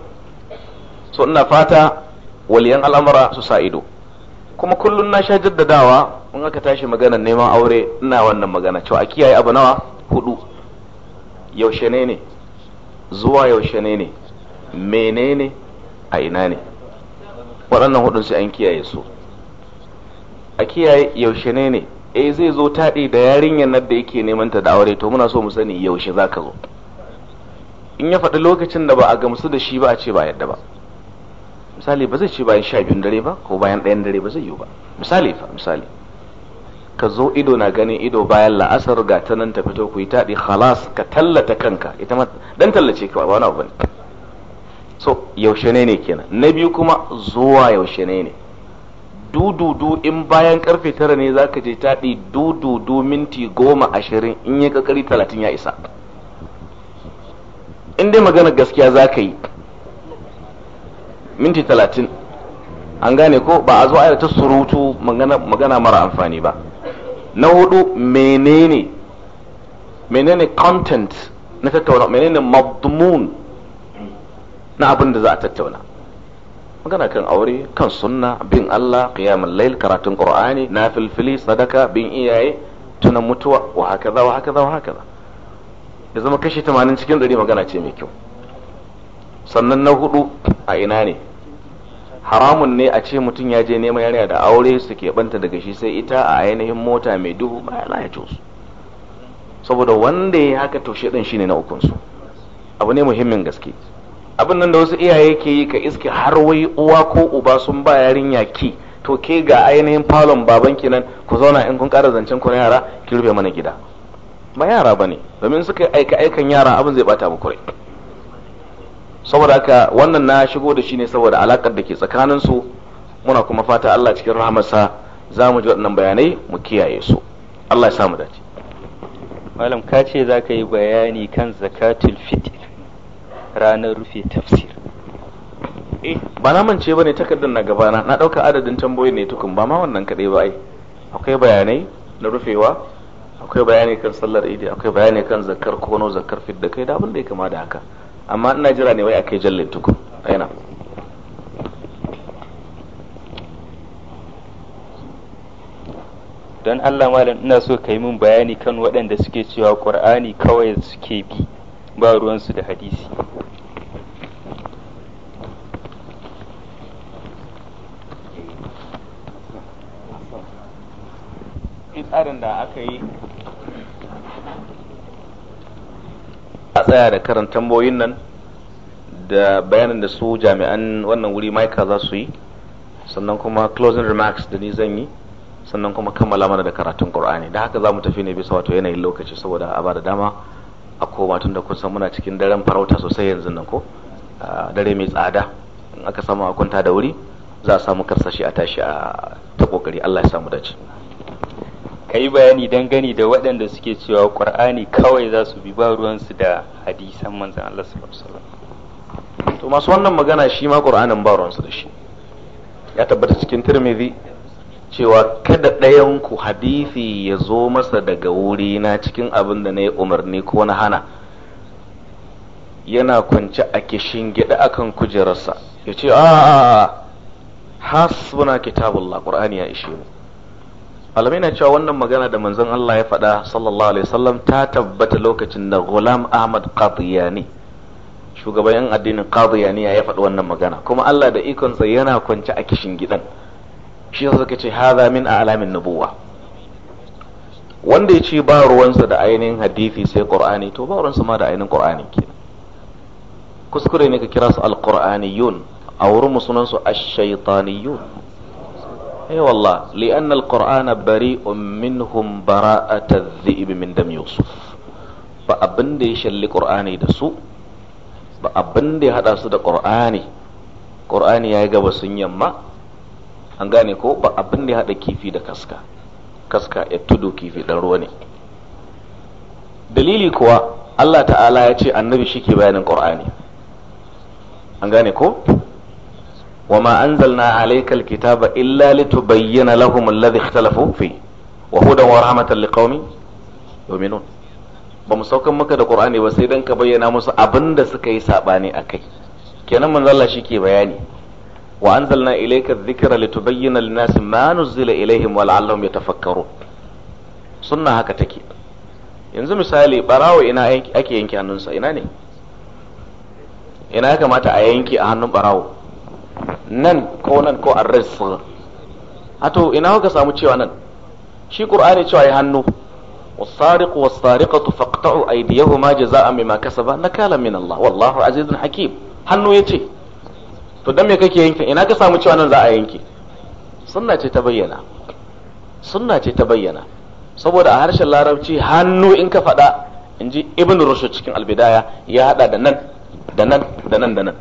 so ina fata waliyan alamara su sa ido kuma kullum na sha jaddadawa in aka tashi magana neman aure ina wannan magana cewa a kiyaye abu nawa hudu yaushe ne ne zuwa yaushe ne ne menene a ina ne waɗannan hudun sai an kiyaye su a kiyaye yaushe ne ne eh zai zo taɗi da yarinyar nan da yake neman ta da aure to muna so mu sani yaushe za ka zo in ya faɗi lokacin da ba a gamsu da shi ba a ce ba yadda ba misali ba zai ce bayan sha biyun dare ba ko bayan ɗayan dare ba zai yiwu ba misali fa misali ka zo ido na ganin ido bayan la'asar ga ta nan ta fito ku yi taɗi halas ka tallata kanka ita ma dan tallace ka ba wani abu ne so yaushe ne ne kenan na biyu kuma zuwa yaushe ne ne dududu in bayan karfe tara ne za ka je taɗi dududu minti goma ashirin in yi kakari talatin ya isa in dai magana gaskiya za ka yi minti talatin an gane ko ba a zo a ta surutu magana mara amfani ba na hudu menene menene content na tattauna menene madmun na abin da za a tattauna magana kan aure kan sunna bin Allah qiyamul lail karatun qur'ani nafilfili sadaka bin iyaye tunan mutuwa wa haka da wa haka da wa haka da ya zama kashi 80 cikin 100 magana ce mai kyau sannan na hudu a ina ne haramun ne a ce mutum ya je neman yarinya da aure su banta daga shi sai ita a ainihin mota mai duhu ba ya cewa su saboda wanda ya haka taushe ɗin shi ne na ukunsu abu ne muhimmin gaske abin nan da wasu iyaye ke yi ka iske har wai uwa ko uba sun ba yarinya ki to ke ga ainihin falon baban nan ku zauna in kun ƙara zancen ku na yara ki rufe mana gida ba yara ba ne, domin suka aika aikan yara abin zai bata muku rai saboda haka wannan na shigo da shi ne saboda alakar da ke tsakanin su muna kuma fata Allah cikin rahamarsa za mu ji waɗannan bayanai mu kiyaye su Allah ya samu dace malam ka ce za ka yi bayani kan zakatul fitr ranar rufe tafsir eh ba na mance ne takardar na gabana na ɗauka adadin tambayoyi ne tukun ba ma wannan kaɗai ba ai akwai bayanai na rufewa akwai bayani kan sallar idi akwai bayani kan zakar kono zakar fidda kai da abin da ya kama da haka amma ina jira ne wai a kai jallin tukun yana don Allah malam ina so ka yi min bayani kan waɗanda suke cewa ƙur'ani kawai suke bi ba ruwansu da hadisi tsarin da aka yi a tsaya da karin tambayoyin nan da bayanin da su jami'an wannan wuri maika za su yi sannan kuma closing remarks da ni zan yi sannan kuma kammala mana da karatun qur'ani da haka za mu tafi ne bisa wato yanayin lokaci saboda a ba da dama a koma tun da kusan muna cikin daren farauta sosai yanzu nan ko dare mai tsada in aka samu a kwanta da wuri za a samu karsashi a tashi a ta kokari Allah ya samu dace ka yi bayani gani da waɗanda suke cewa ƙur'ani kawai za su bi ba ruwansu da hadisan manzan Allah sallallahu to masu wannan magana shi ma ƙur'anin ba ruwansu da shi ya tabbata cikin tirmidhi cewa kada ɗayan ku hadisi ya zo masa daga wuri na cikin abin da na yi umarni ko na hana yana kwance a kishin gida akan kujerarsa ya ce a a kitabullah ƙur'ani ya ishe mu malamai na cewa wannan magana da manzon Allah ya faɗa sallallahu alaihi wasallam ta tabbata lokacin da gulam Ahmad Qadiyani shugaban yan addinin Qadiyani ya faɗi wannan magana kuma Allah da ikonsa yana kwance a kishin gidan shi yasa suka ce hadha min a'lamin nubuwa wanda ya ce ba ruwansa da ainihin hadisi sai Qur'ani to ba ruwansa ma da ainihin Qur'ani ke kuskure ne ka kira su alqur'aniyun a wurin musunan su ash-shaytaniyun اي والله لان القران بريء منهم براءه الذئب من دم يوسف ba abin ya shalli qur'ani da su ba abin ya hada su da qur'ani qur'ani ya gaba sun yamma an gane ko ba abin ya hada kifi da kaska kaska ya tudu kifi dan ruwa ne dalili kuwa Allah ta'ala ya ce annabi shi ke bayanin qur'ani an gane ko وما أنزلنا عليك الكتاب إلا لتبين لهم الذي اختلفوا فيه وهدى ورحمة لقوم يؤمنون ba mu saukan maka da Qur'ani ba sai dan ka bayyana musu abinda suka yi sabani akai kenan manzo Allah ke bayani wa anzalna ilayka dhikra litubayyana lin-nasi ma nuzila ilayhim wa la'allahum yatafakkarun sunna haka take yanzu misali barawo ina ake yanke hannunsa ina ne ina ya kamata a yanke a hannun barawo nan ko nan ko a ato ina kuka samu cewa nan shi qur'ani cewa ya hannu والسارق والسارقة فاقطعوا أيديهما جزاء ba na kala min Allah wallahu عزيز hakim hannu yace to dan me kake yanke ina ka samu cewa nan za a yanke sunna ce ta bayyana sunna ce ta bayyana saboda a harshen larabci hannu in ka faɗa in ji ibn rushd cikin albidaya ya haɗa da nan da nan da nan da nan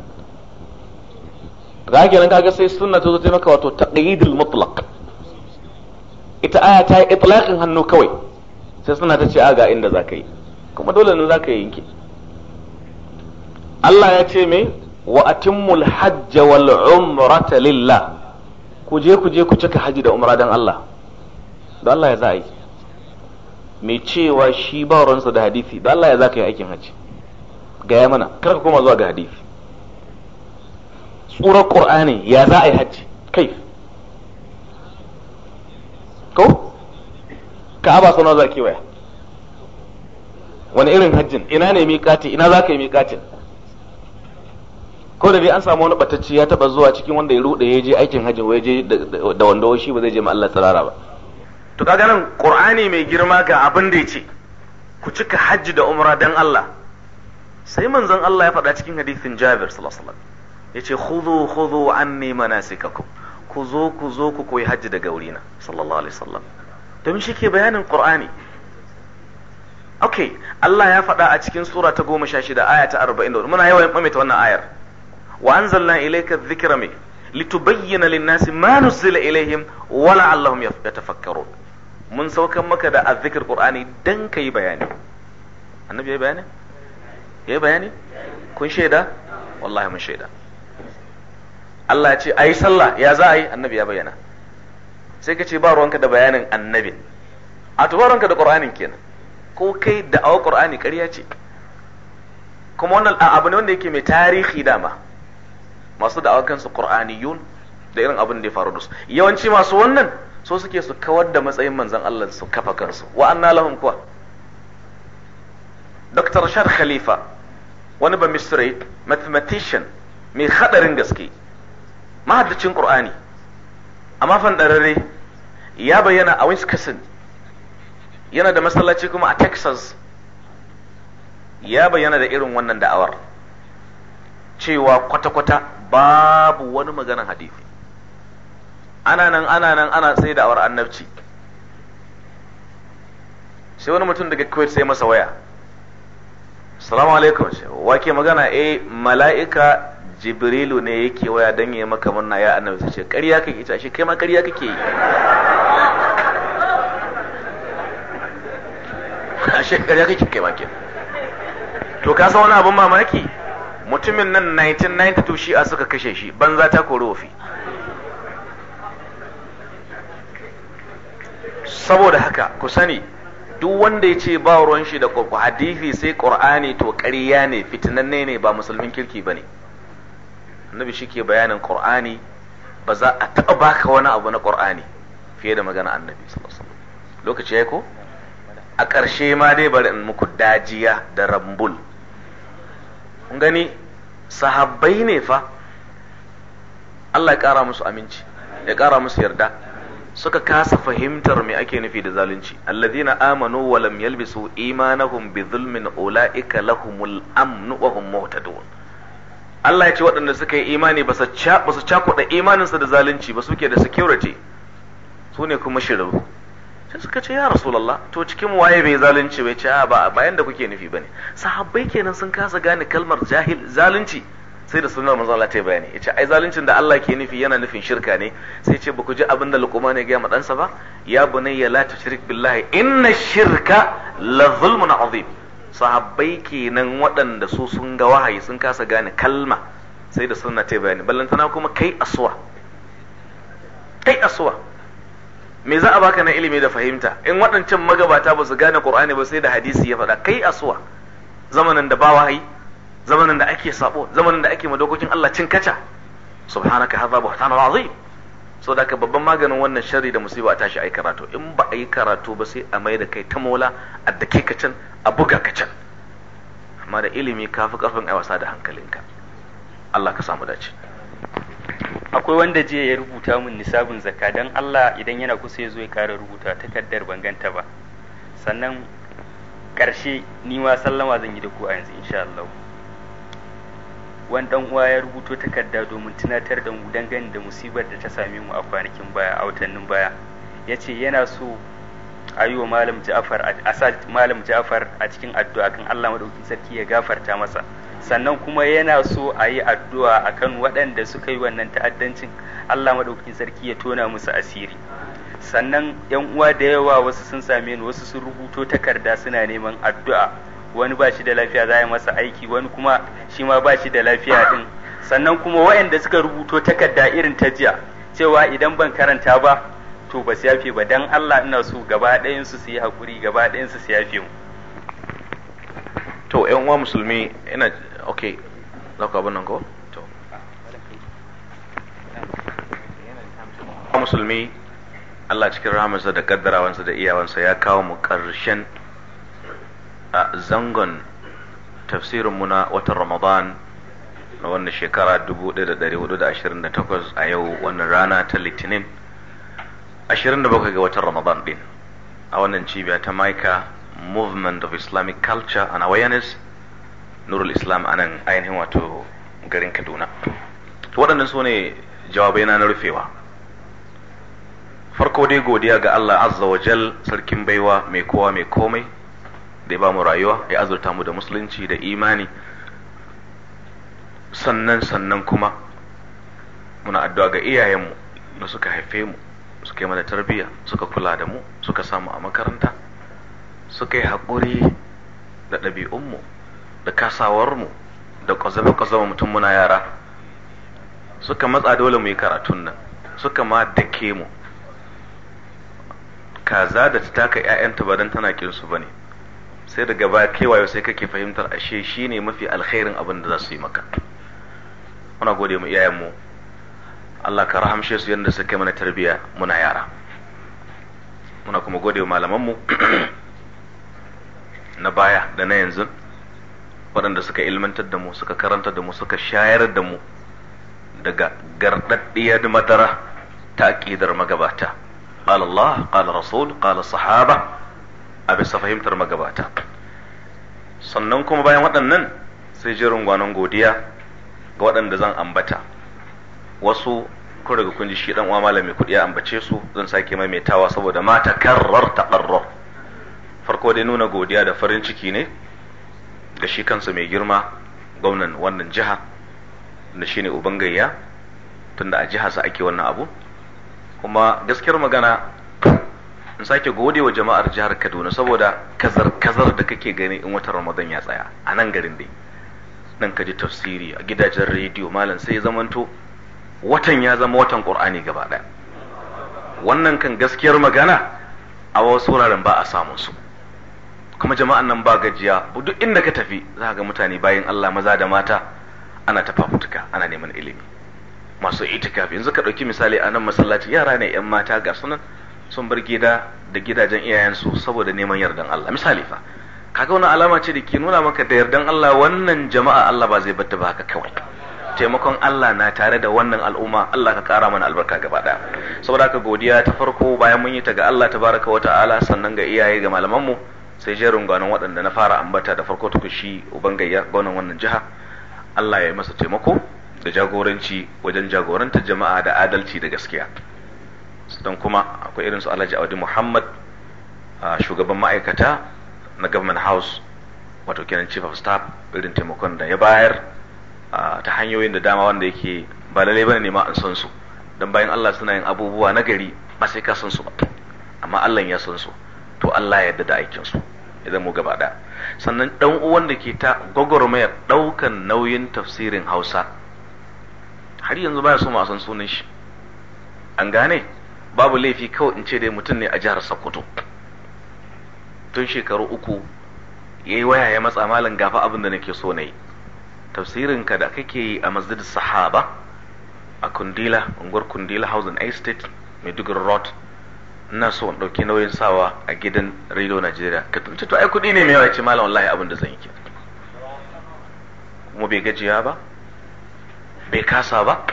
ga nan kaga sai sunna ta zo ta maka wato taqidul mutlaq ita aya ta yi itlaqin hannu kawai sai suna ta ce a ga inda zaka yi kuma dole ne zaka yi yanke Allah ya ce me wa atimmul hajj wal umrata lillah ku je ku je ku cika haji da umra dan Allah da Allah ya za yi mai cewa shi ba ransa da hadisi da Allah ya za ka yi aikin haji ga mana kar ka koma zuwa ga hadisi tsurar qur'ani ya za a yi hajji kai ko ka ba nawa za ki waya wani irin hajjin ina ne miƙati ina za ka yi miƙatin ko da dai an samu wani batacci ya taba zuwa cikin wanda ya rude ya je aikin hajjin wai je da wanda shi ba zai je ma Allah tsirara ba to kaga nan qur'ani mai girma ga abin da yace ku cika hajji da umra dan Allah sai manzon Allah ya faɗa cikin hadisin Jabir sallallahu alaihi wasallam yace khudhu khudhu anni manasikakum ku zo ku zo ku koyi hajji daga wurina sallallahu alaihi wasallam domin shi ke bayanin qur'ani okay Allah ya faɗa a cikin sura ta goma sha shida aya ta arba'in da muna yawan mamaita wannan ayar wa anzalna ilayka dhikra me litubayyana lin-nasi ma nuzila ilayhim wa la'allahum yatafakkarun mun saukan maka da azzikr qur'ani dan kai bayani annabi yayi bayani yayi bayani kun shaida wallahi mun shaida Allah ya ce ayi sallah ya za a yi annabi ya bayyana sai ka ce ba ruwanka da bayanin annabin a to ba ruwanka da qur'anin kenan ko kai da awa qur'ani ƙarya ce kuma wannan abu ne wanda yake mai tarihi dama masu da'awa kansu qur'aniyun da irin abin da ya faru da su yawanci masu wannan so suke su kawar da matsayin manzon Allah su kafa kansu wa anna lahum kuwa Dr. Shar Khalifa wani ba Misri mathematician mai hadarin gaske mahaddacin a amma ɗarare ya bayyana a Wisconsin yana da masallaci kuma a Texas ya bayyana da irin wannan da'awar cewa kwata-kwata babu wani maganin hadisi ana nan ana nan ana sai da'awar annabci sai wani mutum daga Kuwait sai masa waya salamu alaikum wake magana eh mala'ika jibrilu ne yake waya dan ya maka murna ya annabi sai ce ƙarya kake ita shi kai ma ƙarya kake yi ashe ƙarya kake kai ma ke to ka san wani abin mamaki mutumin nan 1992 shi a suka kashe shi banza ta kori wofi saboda haka ku sani duk wanda ya ce ba ruwan shi da hadisi sai ƙur'ani to ƙarya ne fitinanne ne ba musulmin kirki ba ne annabi shi ke bayanin ƙur'ani, ba za a taɓa baka wani abu na ƙur'ani fiye da magana annabi lokaci ya ko a ƙarshe ma dai bari in muku dajiya da rambul kun gani sahabbai ne fa Allah ya ƙara musu aminci ya ƙara musu yarda suka kasa fahimtar me ake nufi da zalunci allazina amanu wa lam yalbisu imanahum bi zulmin ulaika lahumul amnu wa hum muhtadun Allah ya ce waɗanda suka yi imani ba su cakuɗa imaninsu da zalunci ba suke da security su ne kuma shiraru sai suka ce ya rasulallah to cikin waye bai zalunci bai ce a ah, ba bayan da kuke nufi bane sahabbai kenan sun kasa gane kalmar jahil zalunci sai da sunan manzo Allah ta bayani Ya ce ai zaluncin da Allah ke nufi yana nufin shirka ne sai ce ba ku ji abin da Luqman ya ga ma ɗansa ba ya bunayya la tushrik billahi inna shirka la zulmun azim sahabbai kenan waɗanda su sun ga wahayi sun kasa gane kalma sai da sunna ce bayani ballantana kuma kai asuwa kai asuwa me za a baka na ilimi da fahimta in waɗancan magabata ba su gane qur'ani ba sai da hadisi ya faɗa kai asuwa zamanin da ba wahayi zamanin da ake sabo zamanin da ake madokokin Allah cin kaca subhanaka hadha buhtanun azim so da babban maganin wannan shari da musiba a tashi ai karatu in ba a yi karatu ba sai a mai da kai ta mola a dake ka can a buga ka can amma da ilimi ka fi karfin a wasa da hankalinka Allah ka samu dace akwai wanda jiya ya rubuta mun nisabin zakka dan Allah idan yana kusa ya zo ya kara rubuta takardar banganta ba sannan karshe ni wa sallama zan yi da ku a yanzu insha Allah wani dan uwa ya rubuto takarda domin tunatar da mu dangane da musibar da ta same mu a kwanakin baya a watannin baya ya ce yana so a yi wa malam ja'afar a cikin addu'a kan Allah madaukakin sarki ya gafarta masa sannan kuma yana so a yi addu'a akan waɗanda suka yi wannan ta'addancin Allah madaukakin sarki ya tona musu asiri sannan yan uwa da yawa wasu sun same ni wasu sun rubuto takarda suna neman addu'a wani ba shi da lafiya za a yi masa aiki wani kuma shi ma ba shi da lafiya din sannan kuma waɗanda suka rubuto takarda irin ta jiya cewa idan ban karanta ba to ba su yafe ba dan Allah ina so gaba ɗayan su su yi hakuri gaba ɗayan su su yafe mu to ƴan uwa musulmi ina okay za ku abin nan ko to musulmi Allah cikin rahamarsa da kaddarawansa da iyawansa ya kawo mu ƙarshen a zangon tafsirinmu na watan Ramadan na wannan shekara 1428 a yau wannan rana ta Litinin 27 ga watan Ramadan din a wannan cibiya ta Maika Movement of Islamic Culture and Awareness Nurul Islam a nan ainihin wato garin Kaduna. Waɗannan su ne jawabai na rufewa. Farko dai godiya ga Allah Azza wa Jal sarkin baiwa mai kowa mai komai da ya ba mu rayuwa ya azurta mu da musulunci da imani sannan sannan kuma muna addu'a ga iyayenmu da suka haife mu suka yi mana tarbiyya suka kula da mu suka samu a makaranta suka yi haƙuri da ɗabi'unmu da kasawarmu da ƙwazabe-ƙwazabe mutum muna yara suka matsa dole mu yi karatun nan suka ma dake mu kaza da ta taka 'ya'yanta ba don tana kinsu ba ne sai daga baya kewayo sai kake fahimtar ashe shine mafi alkhairin abin da za su yi maka muna gode mu iyayenmu Allah ka rahamshe su yadda suka mana tarbiyya muna yara muna kuma gode wa mu na baya da na yanzu waɗanda suka ilmantar da mu suka karanta da mu suka shayar da mu daga gardaddiyar madara ta aƙidar magabata قال الله قال رسول قال a bisa fahimtar magabata sannan kuma bayan waɗannan sai jerin gwanon godiya ga waɗanda zan ambata wasu kun daga kun ji shi ɗan uwa malami kuɗi ya ambace su zan sake maimaitawa saboda ma ta takarrar farko dai nuna godiya da farin ciki ne ga shi kansa mai girma gwamnan wannan jiha da shi ne ubangayya tunda a jihar sa ake wannan abu kuma gaskiyar magana in sake gode wa jama'ar jihar Kaduna saboda kazar-kazar da kake gani in watan Ramadan ya tsaya a nan garin dai nan ka ji tafsiri a gidajen rediyo malam sai ya zamanto watan ya zama watan Qur'ani gaba ɗaya wannan kan gaskiyar magana a wasu wuraren ba a samun su kuma jama'an nan ba gajiya duk inda ka tafi za ga mutane bayan Allah maza da mata ana ta fafutuka ana neman ilimi masu itikafi yanzu ka ɗauki misali a nan masallaci yara ne 'yan mata ga sunan sun bar gida da gidajen iyayensu saboda neman yardan Allah misali fa kaga wani alama ce da ke nuna maka da yardan Allah wannan jama'a Allah ba zai batta ba haka kawai taimakon Allah na tare da wannan al'umma Allah ka kara mana albarka gaba daya saboda haka godiya ta farko bayan mun yi ta ga Allah tabaraka wata'ala sannan ga iyaye ga malaman mu sai je gwanon waɗanda na fara ambata da farko tukushi uban gayya wannan jiha Allah ya yi masa taimako da jagoranci wajen jagorantar jama'a da adalci da gaskiya don kuma akwai irin su alhaji audi muhammad shugaban ma'aikata na government house wato kenan chief of staff irin taimakon da ya bayar ta hanyoyin da dama wanda yake ba lalai bane ne ma an san su don bayan Allah suna yin abubuwa na gari ba sai ka san su ba amma Allah ya san su to Allah ya yarda da aikin su idan mu gaba daya sannan dan uwan da ke ta gwagwarmayar daukan nauyin tafsirin Hausa har yanzu ba so ma san sunan shi an gane babu laifi kawai in ce dai mutum ne a jihar Sokoto tun shekaru uku ya yi waya ya matsa malam gafa abin da nake so na yi tafsirin ka da kake yi a masjid sahaba a kundila unguwar kundila housing estate maiduguri road ina so in ɗauki nauyin sawa a gidan radio nigeria ka tunce to ai kuɗi ne mai yawa ce malam wallahi abin da zan yi ke kuma bai gajiya ba bai kasa ba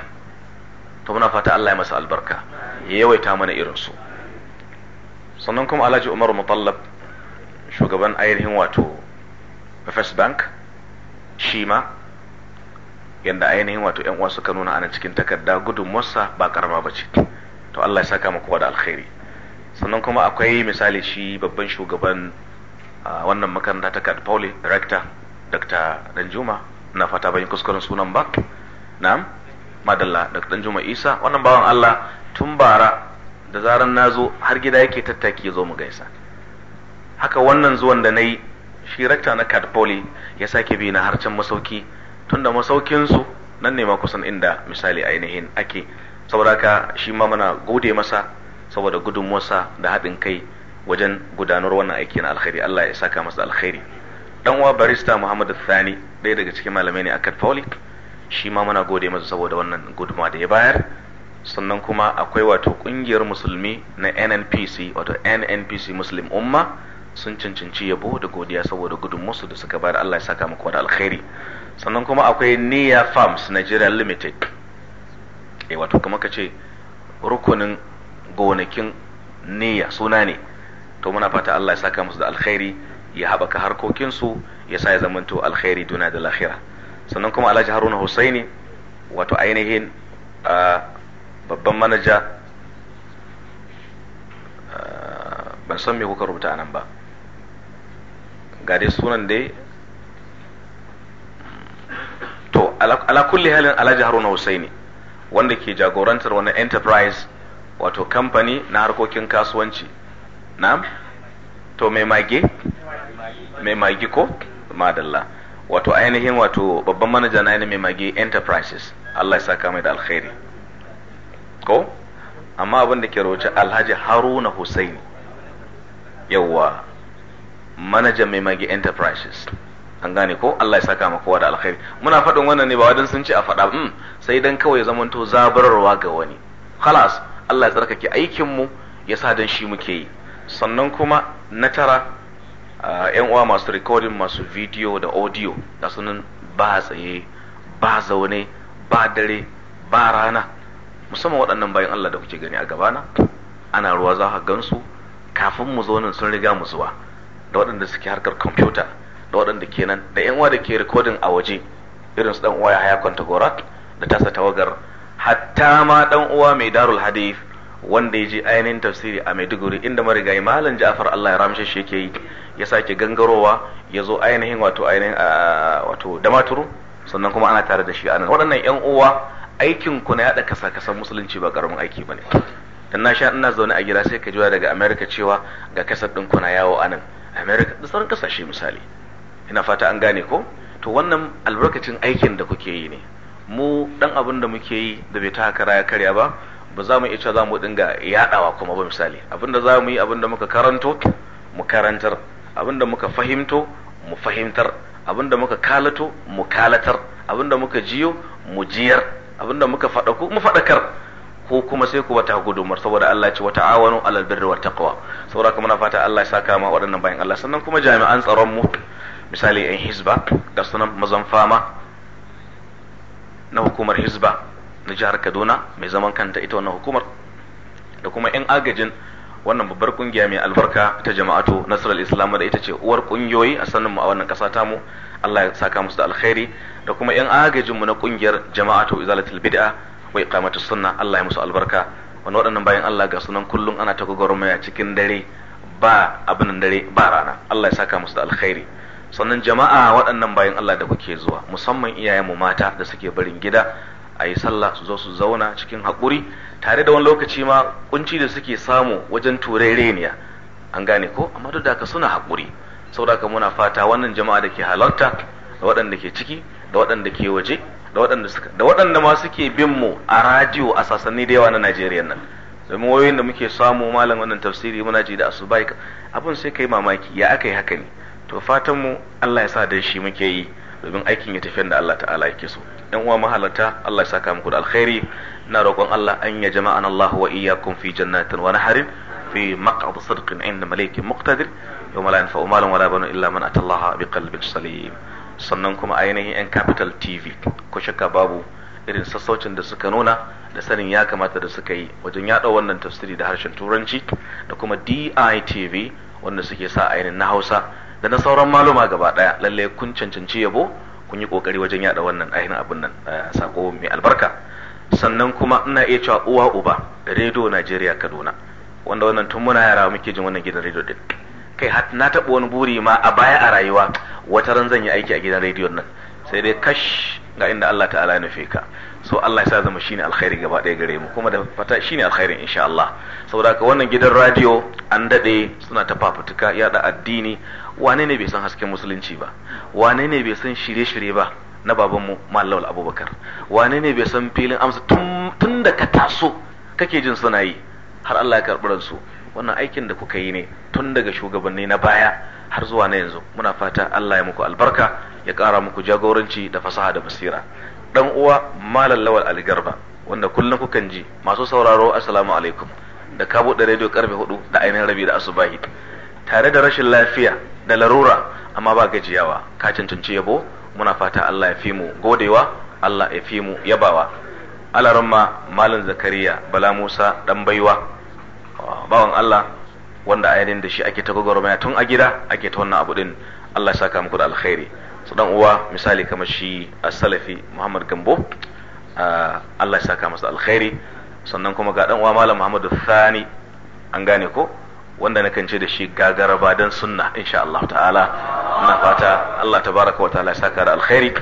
to muna fata Allah ya masa albarka ya yawaita mana irin su sannan kuma Alhaji Umar Mutallab shugaban ainihin wato First Bank shi ma yanda ainihin wato ƴan uwa suka nuna ana cikin takarda gudun gudunmuwarsa ba karama ba ce to Allah ya saka kowa da alkhairi sannan kuma akwai misali shi babban shugaban wannan makaranta ta Kad Pauli Director Dr. Danjuma na fata bayan kuskuren sunan ba na'am madalla da dan juma isa wannan bawan Allah tun bara da zaran na zo har gida yake tattaki ya zo mu gaisa haka wannan zuwan da na yi shi rakta na kadpoli ya sake bi na harcen masauki tun da masaukinsu nan ne kusan inda misali ainihin ake saboda haka shi ma muna gode masa saboda gudunmuwarsa da haɗin kai wajen gudanar wannan aiki na alkhairi Allah ya saka masa alkhairi dan uwa barista Muhammadu Thani ɗaya daga cikin malamai ne a kadpoli? shi ma muna gode masa saboda wannan guduma da ya bayar sannan kuma akwai wato kungiyar musulmi na nnpc wato nnpc muslim umma sun cancanci yabo da godiya saboda gudun musu da suka bayar allah ya saka muku da alkhairi sannan kuma akwai niya farms nigeria limited eh wato kuma ka ce rukunin gonakin niya suna ne to muna fata allah ya saka musu da alkhairi ya haɓaka harkokinsu ya sa ya zamanto alkhairi duna da lahira sannan kuma alhaji haruna husaini wato ainihin babban manaja ban san me kuka rubuta nan ba ga dai sunan dai to ala kulli halin alhaji haruna husaini wanda ke jagorantar wani enterprise wato kamfani na harkokin kasuwanci na to mai mage mai mage ko madalla wato ainihin wato babban manaja na ainihin mai mage enterprises Allah ya saka mai da alkhairi ko amma abin da ke roce alhaji haruna husaini yawwa manajan mai mage enterprises an gane ko Allah ya saka ma kowa da alkhairi muna faɗin wannan ne ba wadan sun ce a faɗa mm, sai dan kawai zamanto zabararwa ga wani khalas Allah ya tsarkake aikin mu ya sa dan shi muke yi sannan kuma na tara yan uwa masu recording masu video da audio da sunan ba tsaye ba zaune ba dare ba rana musamman waɗannan bayan Allah da kuke gani a gabana ana ruwa za ka gansu kafin mu zo sun riga mu zuwa da waɗanda suke harkar kwamfuta da waɗanda ke nan da yan uwa da ke rikodin a waje irin su dan uwa ya haya kwanta da tasa tawagar hatta ma dan uwa mai darul hadith wanda ya je ainihin tafsiri a Maiduguri inda marigayi Malam Ja'far Allah ya ramshe shi yake yi ya sake gangarowa ya zo ainihin wato ainihin wato damaturu sannan kuma ana tare da shi anan waɗannan 'yan uwa aikin ku na yaɗa kasa kasan musulunci ba karamin aiki ne dan na sha ina zaune a gida sai ka jiwa daga America cewa ga kasar ɗin ku na yawo anan America da sauran kasashe misali ina fata an gane ko to wannan albarkacin aikin da kuke yi ne mu dan abin da muke yi da bai ta haka ya karya ba ba za mu iya cewa za mu dinga yadawa kuma ba misali abinda za mu yi abinda muka karanto mu karantar abinda muka fahimto mu fahimtar abinda muka kalato mu kalatar abinda muka jiyo mu jiyar abinda muka ko mu faɗakar ko kuma sai ku wata gudumar saboda Allah ce wata awano alal birri wat taqwa saboda kuma na fata Allah ya saka ma waɗannan bayan Allah sannan kuma jami'an tsaron mu misali yan hizba da sunan mazan fama na hukumar hizba na jihar Kaduna mai zaman kanta ita wannan hukumar da kuma 'yan agajin wannan babbar kungiya mai albarka ta jama'atu nasarar islam da ita ce uwar kungiyoyi a sanin mu a wannan kasa tamu Allah ya saka musu da alkhairi da kuma yan agajinmu na kungiyar jama'atu izalatul bid'a wa iqamatus sunna Allah ya musu albarka wannan waɗannan bayan Allah ga sunan kullum ana ta gwagwarmaya cikin dare ba abin dare ba rana Allah ya saka musu da alkhairi sannan jama'a waɗannan bayan Allah da kuke zuwa musamman iyayenmu mata da suke barin gida a yi sallah su zo su zauna cikin haƙuri tare da wani lokaci ma kunci da suke samu wajen turai reniya an gane ko amma duk da ka suna haƙuri saboda ka muna fata wannan jama'a da ke halarta da waɗanda ke ciki da waɗanda ke waje da waɗanda suka da waɗanda ma suke bin mu a radio a sasanni da yawa na Najeriya nan domin wayoyin da muke samu malam wannan tafsiri muna ji da asubai abin sai kai mamaki ya aka yi haka ne to fatan mu Allah ya sa da shi muke yi domin aikin ya tafi da Allah ta'ala yake so yan uwa mahalarta Allah ya saka muku da alkhairi na roƙon Allah an ya jama'an Allah wa iyyakum fi jannatin wa naharin fi maq'ad sidqin inda malikin muqtadir yawma la yanfa'u malun wala banun illa man atallaha biqalbin salim sannan kuma ainihin yan capital TV ko shakka babu irin sassaucin da suka nuna da sanin ya kamata da suka yi wajen yaɗa wannan tafsiri da harshen turanci da kuma DITV wanda suke sa ainihin na Hausa da na sauran maluma gaba daya lalle kun cancanci yabo kun yi kokari wajen yada wannan ainihin abin nan eh, sako mai albarka sannan kuma ina iya cewa uwa uba rediyo Najeriya Kaduna wanda wannan tun muna yara muke jin wannan gidan rediyo din kai na taɓa wani buri ma a baya a rayuwa wata ran zan yi aiki a gidan rediyon nan sai dai kash ga inda Allah ta'ala ya nufe ka so Allah ya sa zama shine alkhairi gaba ɗaya gare mu kuma da fata shine alkhairi insha Allah saboda ka wannan gidan radio an dade suna ta fafutuka da addini wane ne bai san hasken musulunci ba wane ne bai san shirye-shirye ba na baban mu Mallam Abubakar wane ne bai san filin amsa tun da ka taso kake jin suna yi har Allah ya karɓi ransu wannan aikin da kuka yi ne tun daga shugabanni na baya har zuwa na yanzu muna fata Allah ya muku albarka ya ƙara muku jagoranci da fasaha da basira dan uwa malam lawal algarba wanda kullum kukan ji masu sauraro assalamu alaikum da ka buɗe rediyo karfe hudu da ainihin rabi da asubahi tare da rashin lafiya da larura amma ba gajiyawa ka cancanci yabo muna fata Allah ya fi mu godewa Allah ya fi mu yabawa ma malam zakariya bala musa dan baiwa ah, bawan Allah wanda ainihin da shi ake ta gwagwarmaya tun a gida ake ta wannan abu din Allah ya saka muku da alkhairi su dan uwa misali kamar shi as-salafi Muhammad Gambo Allah ya saka masa alkhairi sannan kuma ga dan uwa Malam Muhammadu Thani an gane ko wanda na ce da shi gagaraba dan sunna insha Allah ta'ala ina fata Allah tabaraka wa ta'ala ya saka da alkhairi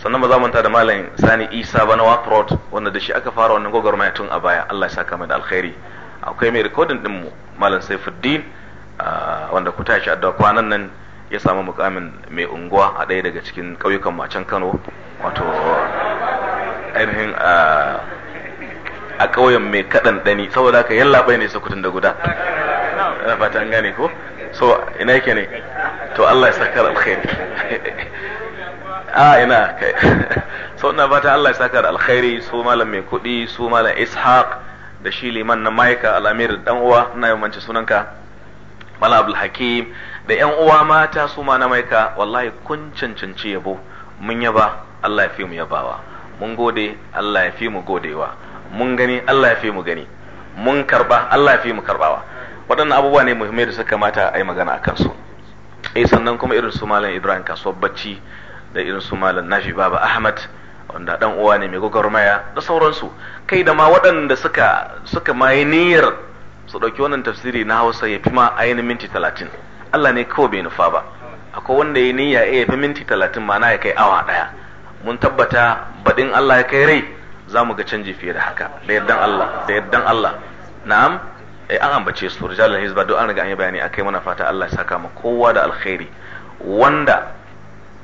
sannan ba za manta da malam Sani Isa bana Waprod wanda da shi aka fara wannan gwagwarmaya tun a baya Allah ya saka mai da alkhairi akwai mai rikodin din mu malam Saifuddin wanda ku tashi addu'a kwanan nan ya samu mukamin mai unguwa a ɗaya daga cikin ƙauyukan macen kano wato ainihin a ƙauyen mai kaɗan ɗani saboda yalla yallaɓai ne sakutun da guda ina fata an gane ko so ina yake ne to Allah ya saka alkhairi a ina kai so ina fata Allah ya saka alkhairi su malam mai kuɗi su malam ishaq da shi liman na maika al'amir dan uwa ina yawanci sunanka malam abdul hakim da yan uwa mata su ma na maika wallahi kun cancanci yabo mun yaba Allah ya fi mu yabawa mun gode Allah ya fi mu godewa mun gani Allah ya fi mu gani mun karba Allah ya fi mu karbawa waɗannan abubuwa ne muhimmai da suka mata a yi magana a kansu eh sannan kuma irin su malam Ibrahim kasuwar bacci da irin su malam Nafi Baba Ahmad wanda dan uwa ne mai gwagwarmaya da sauransu kai da ma waɗanda suka suka ma niyyar su ɗauki wannan tafsiri na Hausa ya fi ma ainihin minti talatin Allah ne kawai bai nufa ba akwai wanda ya niyya ya fi minti talatin na ya kai awa ɗaya mun tabbata baɗin Allah ya kai rai za mu ga canji fiye da haka da yadda Allah da yadda Allah na'am eh an ambace su rijal hizba duk an riga an yi bayani akai muna fata Allah ya saka mu kowa da alkhairi wanda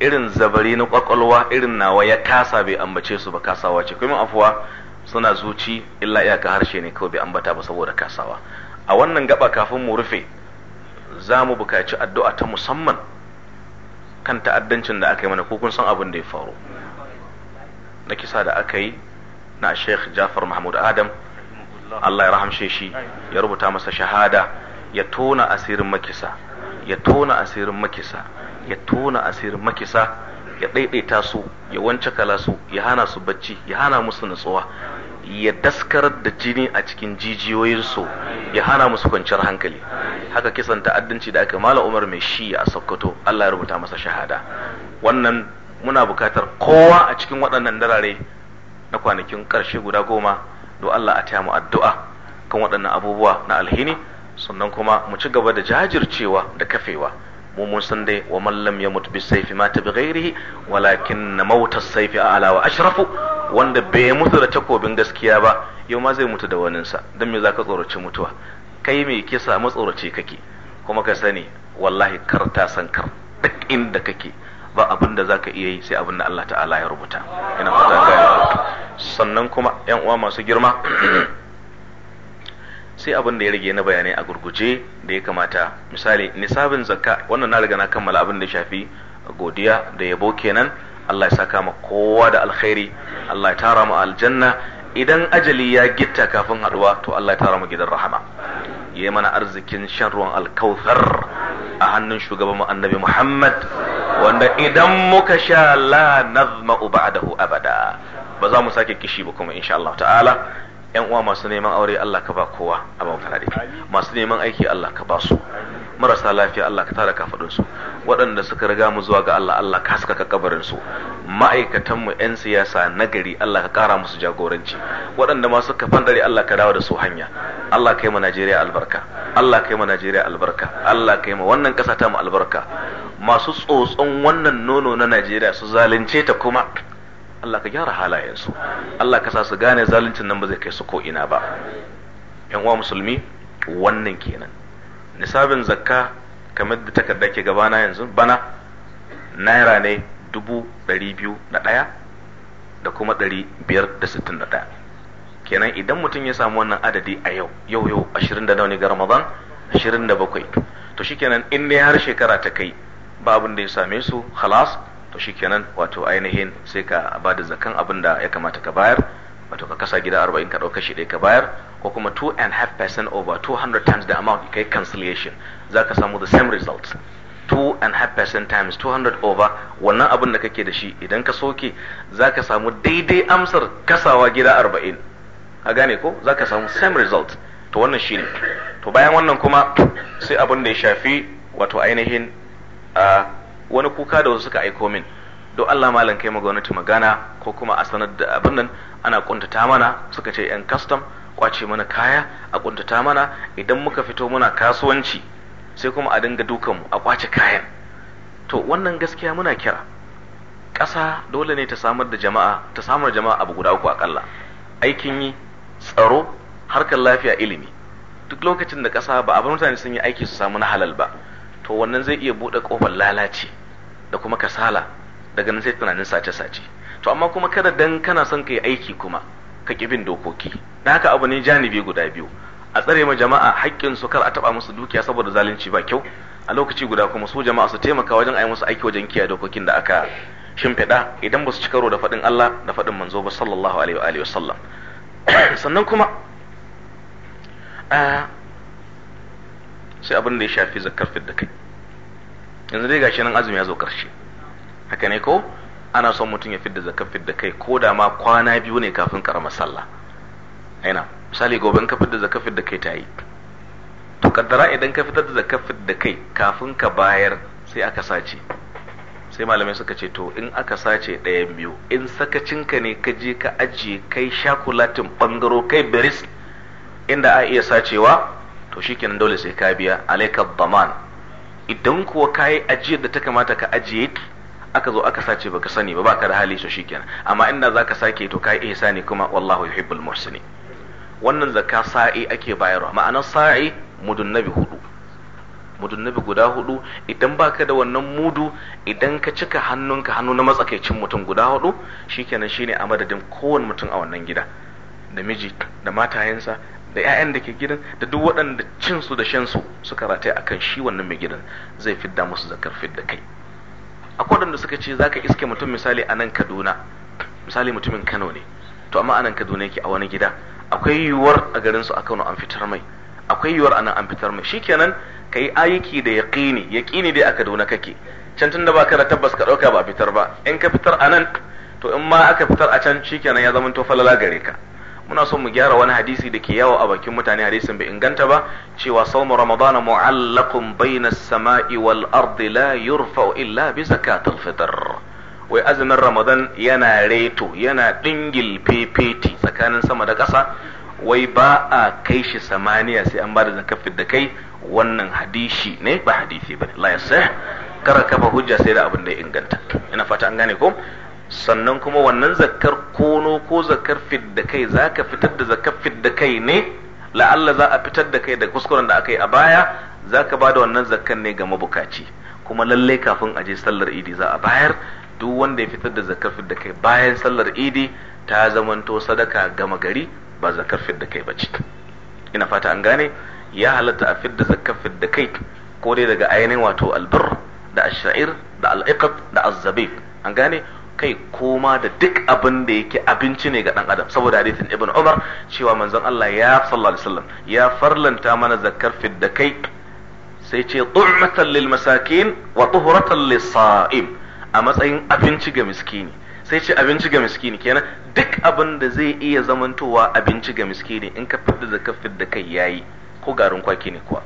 irin zabari na kwakwalwa irin nawa ya kasa bai ambace su ba kasawa ce kuma afuwa suna zuci illa iyaka harshe ne kawai bai ambata ba saboda kasawa a wannan gaba kafin mu rufe za mu bukaci addu'a ta musamman kan ta'addancin da aka yi mana ko kun san abin da ya faru na kisa da aka yi na Sheikh Jafar Mahmud Adam Allah ya rahamshe shi ya rubuta masa shahada ya tona asirin makisa ya tona asirin makisa ya tona asirin makisa ya ɗaiɗaita su ya wance kala su ya hana su bacci ya hana musu nutsuwa ya daskar da jini a cikin jijiyoyinsu ya hana musu kwanciyar hankali haka kisan ta'addanci da aka mala umar mai shi a sokoto allah ya rubuta masa shahada wannan muna bukatar kowa a cikin waɗannan darare na kwanakin ƙarshe guda goma do allah a taya mu addu'a kan waɗannan abubuwa na alhini sannan kuma mu ci gaba da jajircewa da kafewa mu mun san dai wa Mallam ya mutu bi ma mata bi ghairihi walakin mauta a a'la wa ashrafu wanda bai mutu da takobin gaskiya ba yau ma zai mutu da waninsa dan me zaka tsoroci mutuwa kai me kisa matsorace kake kuma ka sani wallahi kar ta san kar duk inda kake ba abin da zaka iya yi sai abin da Allah ta'ala ya rubuta ina fata gane sannan kuma yan uwa masu girma sai abin da ya rage na bayanai a gurguje da ya kamata misali nisabin zakka wannan na riga na kammala abin da shafi godiya da yabo kenan Allah ya saka ma kowa da alkhairi Allah ya tara mu aljanna idan ajali ya gitta kafin haduwa to Allah ya tara mu gidan rahama yayi mana arzikin shan ruwan alkauthar a hannun shugaban mu annabi Muhammad wanda idan muka sha la nazma'u ba'dahu abada ba za mu sake kishi ba kuma insha Allah ta'ala yan uwa masu neman aure Allah ka ba kowa a bautarare masu neman aiki Allah ka ba su marasa lafiya Allah ka tara kafadun su waɗanda suka riga mu zuwa ga Allah Allah ka ka kabarin su ma'aikatan mu yan siyasa nagari Allah ka ƙara musu jagoranci waɗanda ma suka fandare Allah ka dawo da su hanya Allah kai mu Najeriya albarka Allah kai mu Najeriya albarka Allah kai mu wannan ƙasa ta mu albarka masu tsotson wannan nono na Najeriya su zalunce ta kuma Allah ka gyara halayensu Allah ka sa su gane zaluncin nan ba zai kai su ko ina ba yan uwa musulmi wannan kenan nisabin zakka kamar da takarda ke gabana yanzu bana naira ne dubu ɗari biyu da ɗaya da kuma ɗari biyar da sittin da ɗaya kenan idan mutum ya samu wannan adadi a yau yau yau ashirin da nawa ga ramadan ashirin da bakwai to shikenan in ne har shekara ta kai ba abin da ya same su halas to kenan wato ainihin sai ka ba da zakan abin da ya kamata ka bayar wato ka kasa gida 40 ka ɗauka shi ɗaya ka bayar ko kuma 2 and half percent over 200 times the amount kai cancellation za ka samu the same result 2 and half percent times 200 over wannan abin da kake da shi idan ka soke za ka samu daidai amsar kasawa gida 40 a gane ko za ka samu same result to wannan shi ne to bayan wannan kuma sai abin da ya shafi wato ainihin uh, wani kuka da wasu suka aiko min don Allah malam kai gwamnati magana ko kuma a sanar da abin nan ana kuntata mana suka ce yan kastam kwace mana kaya a kuntata mana idan muka fito muna kasuwanci sai kuma a dinga dukanmu a kwace kayan to wannan gaskiya muna kira ƙasa dole ne ta samar da jama'a ta samar jama'a abu guda uku akalla aikin yi tsaro harkar lafiya ilimi duk lokacin da ƙasa ba abin mutane sun yi aiki su samu na halal ba to wannan zai iya buɗe ƙofar lalace da kuma kasala daga nan sai tunanin sace-sace to amma kuma kada dan kana son ka yi aiki kuma ka ƙi bin dokoki da haka abu ne janibi guda biyu a tsare ma jama'a haƙƙin su kar a taɓa musu dukiya saboda zalunci ba kyau a lokaci guda kuma su jama'a su taimaka wajen ayi musu aiki wajen kiyaye dokokin da aka shimfiɗa idan ba su ci karo da faɗin Allah da faɗin manzo ba sallallahu alaihi wa sallam sannan kuma ah, sai abin da ya shafi zakar fit da kai yanzu dai gashi nan azumi ya zo karshe haka ne ko ana son mutum ya fidda zakar fit kai ko da ma kwana biyu ne kafin karamar sallah aina misali gobe in ka fidda zakar fit kai ta yi to kaddara idan ka fitar da zakar fit kai kafin ka bayar sai aka sace sai malamai suka ce to in aka sace ɗayan biyu in sakacinka ne ka je ka ajiye kai shakulatin bangaro kai beris inda a iya sacewa to shikenan dole sai ka biya alaika daman idan kuwa kayi ajiyar da ta kamata ka ajiye aka zo aka sace baka sani ba baka da hali so shikenan amma inda zaka sake to kai ihsani kuma wallahu yuhibbul muhsini wannan zakka sa'i ake bayarwa ma'anar sa'i mudun nabi hudu mudun nabi guda hudu idan baka da wannan mudu idan ka cika hannunka hannu na matsakaicin mutum guda hudu shikenan shine a madadin kowane mutum a wannan gida da miji da matayensa da 'ya'yan da ke gidan da duk waɗanda cinsu da shansu suka a kan shi wannan mai gidan zai fidda musu zakar fidda kai akwai waɗanda suka ce zaka iske mutum misali a nan Kaduna misali mutumin Kano ne to amma a nan Kaduna yake a wani gida akwai yiwuwar a garin su a Kano an fitar mai akwai yiwuwar a nan an fitar mai shikenan kai aiki da yaqini yaqini dai a Kaduna kake can tunda baka da tabbas ka dauka ba fitar ba in ka fitar a nan to in ma aka fitar a can shi shikenan ya zama to falala gare ka muna son mu gyara wani hadisi da ke yawo a bakin mutane hadisin bai inganta ba cewa saumu ramadana mu'allaqun bayna samai wal ardi la yurfa'u illa bi zakatil fitr wai azumin ramadan yana reto yana dingil fefeti tsakanin sama da ƙasa wai ba a kai shi samaniya sai an bada zakafin da kai wannan hadishi ne ba hadisi ba la yasah kara kafa hujja sai da abin da ya inganta ina fata an gane ko sannan kuma wannan zakkar kono ko zakkar fidda kai za ka fitar da zakkar fidda kai ne la'alla za a fitar da kai da kuskuren da aka yi a baya za ka ba da wannan zakar ne ga mabukaci kuma lallai kafin a je sallar idi za a bayar duk wanda ya fitar da zakar fidda kai bayan sallar idi ta zamanto sadaka gama gari ba zakar fidda kai ba ce ina fata an gane ya halatta a fidda zakar fidda kai ko dai daga ainihin wato albar da ashair da al'iqab da azzabib an gane kai koma da duk abin da yake abinci ne ga ɗan adam saboda hadithin ibn umar cewa manzon Allah ya sallallahu alaihi wasallam ya farlanta mana zakkar fidda kai sai ce tu'matan lil masakin wa tuhratan lis sa'im a matsayin abinci ga miskini sai ce abinci ga miskini kenan duk abin da zai iya zamantowa abinci ga miskini in ka fidda zakkar fidda kai yayi ko garin kwaki ne kuwa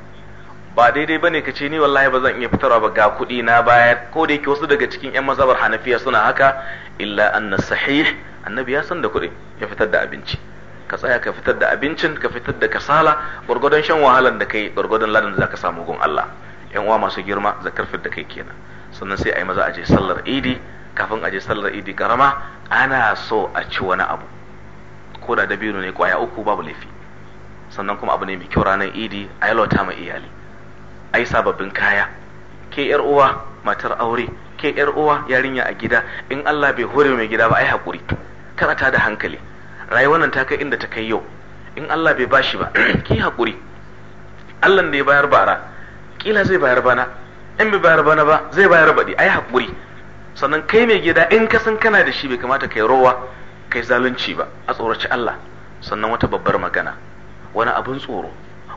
ba daidai ba ne ka ce ni wallahi ba zan iya fitarwa ba ga kuɗi na baya ko da yake wasu daga cikin yan mazhabar hanafiya suna haka illa anna sahih annabi ya san da kuɗi ya fitar da abinci ka tsaya ka fitar da abincin ka fitar da kasala gwargwadon shan wahalan da kai gwargwadon ladan da zaka samu gun Allah yan uwa masu girma zakar fit da kai kenan sannan sai a yi maza a je sallar idi kafin a je sallar idi karama ana so a ci wani abu ko da dabino ne kwaya uku babu laifi sannan kuma abu ne mai kyau ranar idi a yi ma iyali ai sababbin kaya ke yar uwa matar aure ke yar uwa yarinya a gida in Allah bai hore mai gida ba ai hakuri kada ta da hankali rayuwar nan ta kai inda ta kai yau in Allah bai bashi ba ki hakuri Allah da ya bayar bara kila zai bayar bana in bai bayar bana ba zai bayar baɗi ai hakuri sannan kai mai gida in ka san kana da shi bai kamata kai rowa kai zalunci ba a tsoraci Allah sannan wata babbar magana wani abin tsoro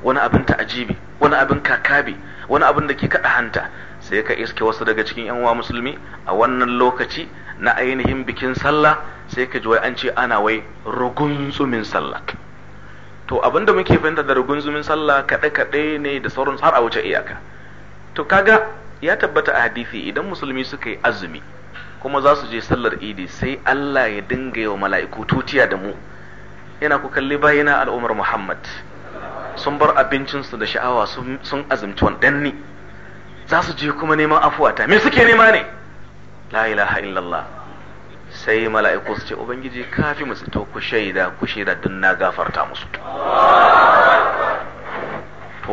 wani abin ajibi wani abin kakabi wani abin da ke kada hanta sai ka iske wasu daga cikin yan uwa musulmi a wannan lokaci na ainihin bikin sallah sai ka ji wai an ce ana wai rugunzumin sallah to abin da muke fahimta da rugunzumin sallah kaɗe kaɗe ne da sauran har a wuce iyaka to kaga ya tabbata a hadisi idan musulmi suka yi azumi kuma za su je sallar idi sai Allah ya dinga yi wa mala'iku tutiya da mu Ina ku kalli bayina al'ummar Muhammad sun bar abincinsu da sha'awa sun azumci wannan ne za su je kuma neman afuwata me suke nema ne la ilaha illallah sai mala'iku su ce ubangiji kafi musu to ku shaida ku shaida dun na gafarta musu to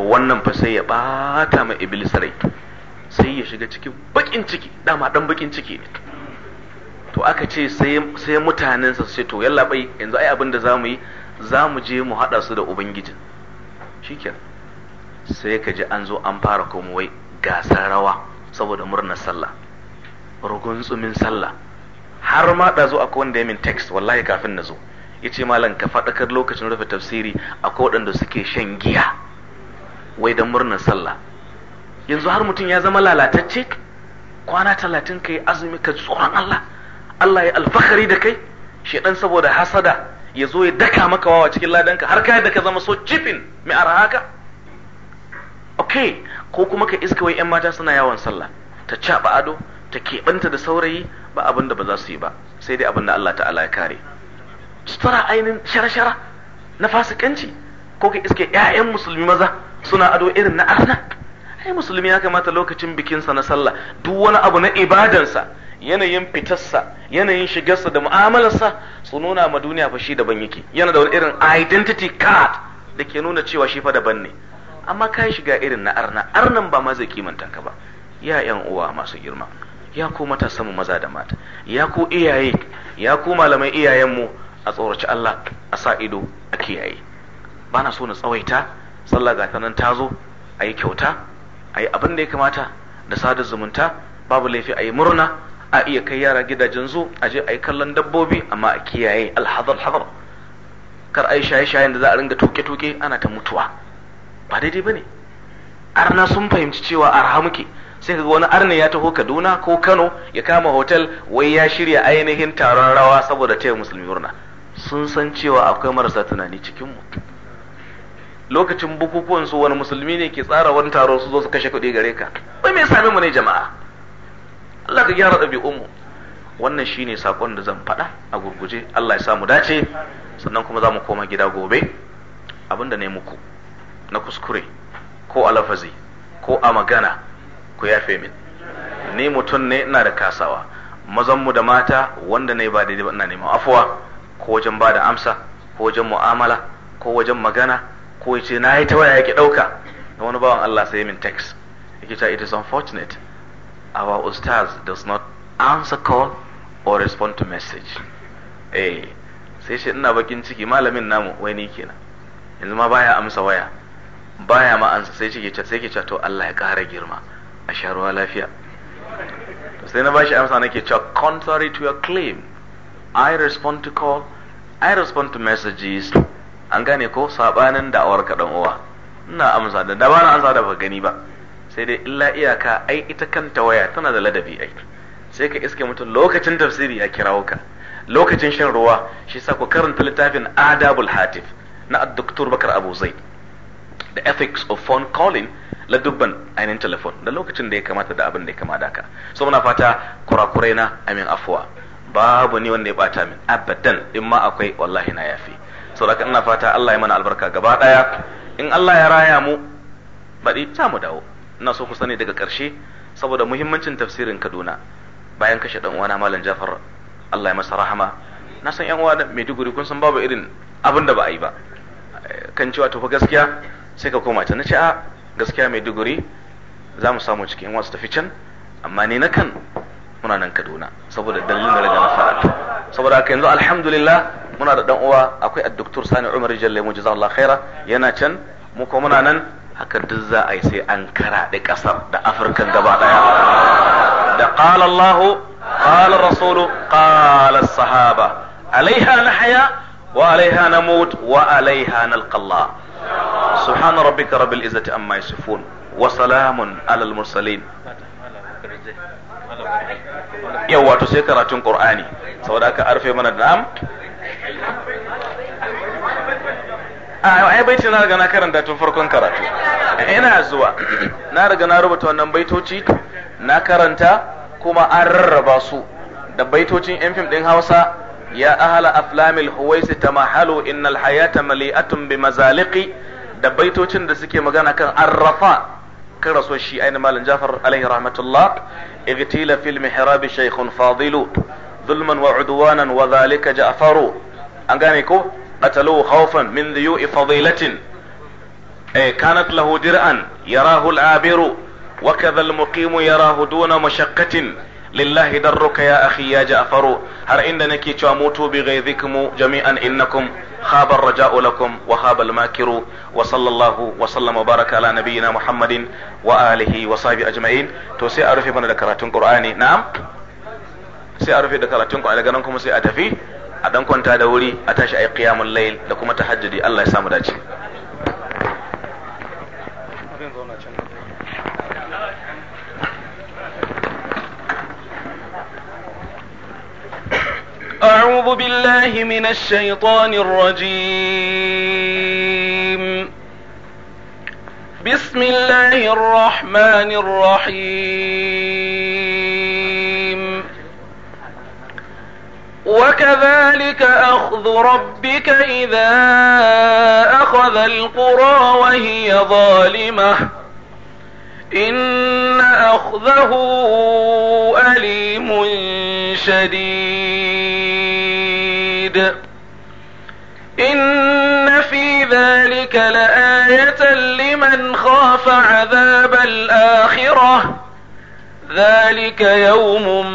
wannan fa sai ya bata ma iblis rai sai ya shiga cikin bakin ciki dama dan bakin ciki ne to aka ce sai mutanensa su ce to yalla bai yanzu ai abin da za mu yi za mu je mu haɗa su da ubangijin shiken sai ka ji an zo an fara komo wai gasar rawa saboda murnar sallah rugun tsumin sallah har ma da zo akwai wanda ya min text wallahi kafin na zo yace malam ka faɗakar lokacin rufe tafsiri akwai waɗanda suke shan giya wai da murnar sallah yanzu har mutum ya zama lalatacce kwana talatin ka yi azumi ka tsoron Allah Allah ya alfahari da kai shedan saboda hasada ya zo ya daka maka wawa cikin ladanka har kai da ka zama so jifin mai haka. Ok, ko kuma ka iska wai yan mata suna yawon sallah ta caba ado ta keɓanta da saurayi ba abin da ba za su yi ba sai dai abin da Allah ta'ala ya kare sutura ainihin shara-shara na fasikanci ko ka iska 'ya'yan musulmi maza suna ado irin na arna ai musulmi ya kamata lokacin bikinsa na sallah duk wani abu na ibadansa yanayin fitarsa yanayin shigarsa da mu'amalarsa su nuna ma duniya fa shi daban yake yana da wani irin identity card da ke nuna cewa shi fa daban ne amma ka shiga irin na arna arnan ba ma zai kimanta ka ba ya yan uwa masu girma ya ku matasan mu maza da mata ya ku iyaye ya ku malamai iyayen mu a tsoraci Allah a sa ido a kiyaye bana so na tsawaita sallah ga nan ta zo ayi kyauta ayi abin da ya kamata da sada zumunta babu laifi a yi murna a iya kai yara gidajen zu a je a yi kallon dabbobi amma a kiyaye alhazar hazar kar a yi shaye-shayen da za a ringa toke-toke ana ta mutuwa ba daidai ba ne arna sun fahimci cewa arha muke sai kaga wani arna ya taho kaduna ko kano ya kama hotel wai ya shirya ainihin taron rawa saboda taya musulmi murna sun san cewa akwai marasa tunani cikin mu lokacin bukukuwan su wani musulmi ne ke tsara wani taro su zo su kashe kuɗi gare ka wai me sami mu ne jama'a Allah ka gyara umu wannan shine sakon da zan faɗa a gurguje Allah ya samu dace sannan kuma za mu koma gida gobe abinda ne muku na kuskure ko a lafazi ko a magana ku yafe min ni mutum ne ina da kasawa mazanmu da mata wanda ne ba daidai ba ina neman afuwa ko wajen ba da amsa ko wajen mu'amala ko wajen magana ko yace na yi ta waya yake ɗauka na wani bawan Allah sai min text yake ta it is unfortunate our ustaz does not answer call or respond to message eh sai shi ina bakin ciki malamin namu wai ni kenan yanzu ma baya amsa waya baya ma ansa sai shi ke sai ke cewa to Allah ya kara girma a sharuwa lafiya sai na bashi amsa nake cewa contrary to your claim I respond to call I respond to messages an gane ko sabanin da'awar ka dan uwa ina amsa da da ba na amsa da ba gani ba sai dai illa iyaka ai ita kanta waya tana da ladabi ai sai ka iske mutum lokacin tafsiri ya kirawo ka lokacin shan ruwa shi sa ku karanta littafin adabul hatif na dr bakar abu zaid the ethics of phone calling la dubban ainihin telefon da lokacin da ya kamata da abin da ya kamata ka so muna fata kurakurai na amin afuwa babu ni wanda ya bata min abadan in ma akwai wallahi na yafi saboda ina fata Allah ya mana albarka gaba daya in Allah ya raya mu baɗi za mu dawo ina so ku sani daga ƙarshe saboda muhimmancin tafsirin Kaduna bayan kashe dan uwana Malam Jafar Allah ya masa rahama na san yan uwa da Maiduguri kun san babu irin abin da ba a yi ba kan cewa to fa gaskiya sai ka koma ta nace a gaskiya Maiduguri za mu samu cikin wasu tafi can amma ni na kan muna nan Kaduna saboda dalilin da na faɗa saboda haka yanzu alhamdulillah muna da dan uwa akwai a Sani Umar Jalle mu jazakallahu khaira yana can mu ko muna nan haka duk za a yi sai an karaɗe ƙasar da afirkan gaba ɗaya da qala Allahu qala rasulu qala sahaba alaiha haya wa alaiha namut wa alaiha nalqalla سبحان ربك رب العزة عما wa salamun alal المرسلين yau wato sai karatun qur'ani saboda aka arfe mana da a ah, ai baiti na riga na karanta tun farkon karatu ina zuwa na riga na rubuta wannan baitoci na karanta kuma an rarraba su da baitocin yan fim din Hausa ya ahala aflamil huwaisi ta tamahalu innal hayata mali'atun bi mazaliki da baitocin da suke magana kan arrafa kan raso shi aini malam Jafar alaihi rahmatullah igtila fil mihrab shaykhun fadilu wa ظلما wa zalika jafaru an gane ko قتلوه خوفا من ذيوء فضيلة كانت له درعا يراه العابر وكذا المقيم يراه دون مشقة لله درك يا أخي يا جعفر هر إنك تموتوا بغيظكم جميعا إنكم خاب الرجاء لكم وخاب الماكر وصلى الله وسلم وبارك على نبينا محمد وآله وصحبه أجمعين توسي أعرف من ذكرات القرآن نعم سي أعرف ذكرات القرآن لقنكم سي أتفي a dan kwanta da wuri a tashi ayi qiyamul layl da kuma tahajjudi Allah ya samu dace أعوذ بالله من الشيطان الرجيم بسم الله الرحمن الرحيم وكذلك أخذ ربك إذا أخذ القرى وهي ظالمة إن أخذه أليم شديد إن في ذلك لآية لمن خاف عذاب الآخرة ذلك يوم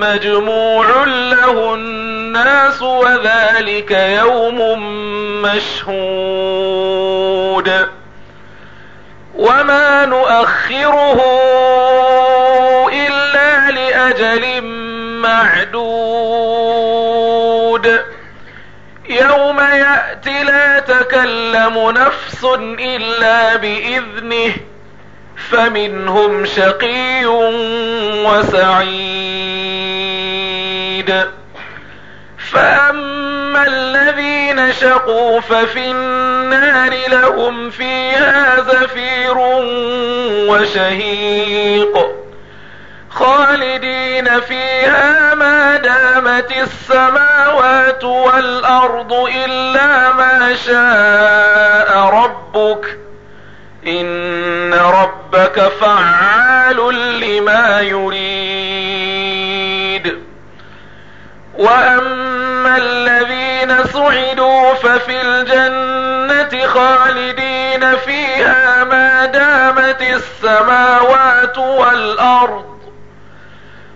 مجموع له الناس وذلك يوم مشهود وما نؤخره إلا لأجل معدود يوم يأتي لا تكلم نفس إلا بإذنه فمنهم شقي وسعيد فأما الذين شقوا ففي النار لهم فيها زفير وشهيق خالدين فيها ما دامت السماوات والأرض إلا ما شاء ربك ۖ إن ربك فعال لما يريد وأما الذين سعدوا ففي الجنة خالدين فيها ما دامت السماوات والأرض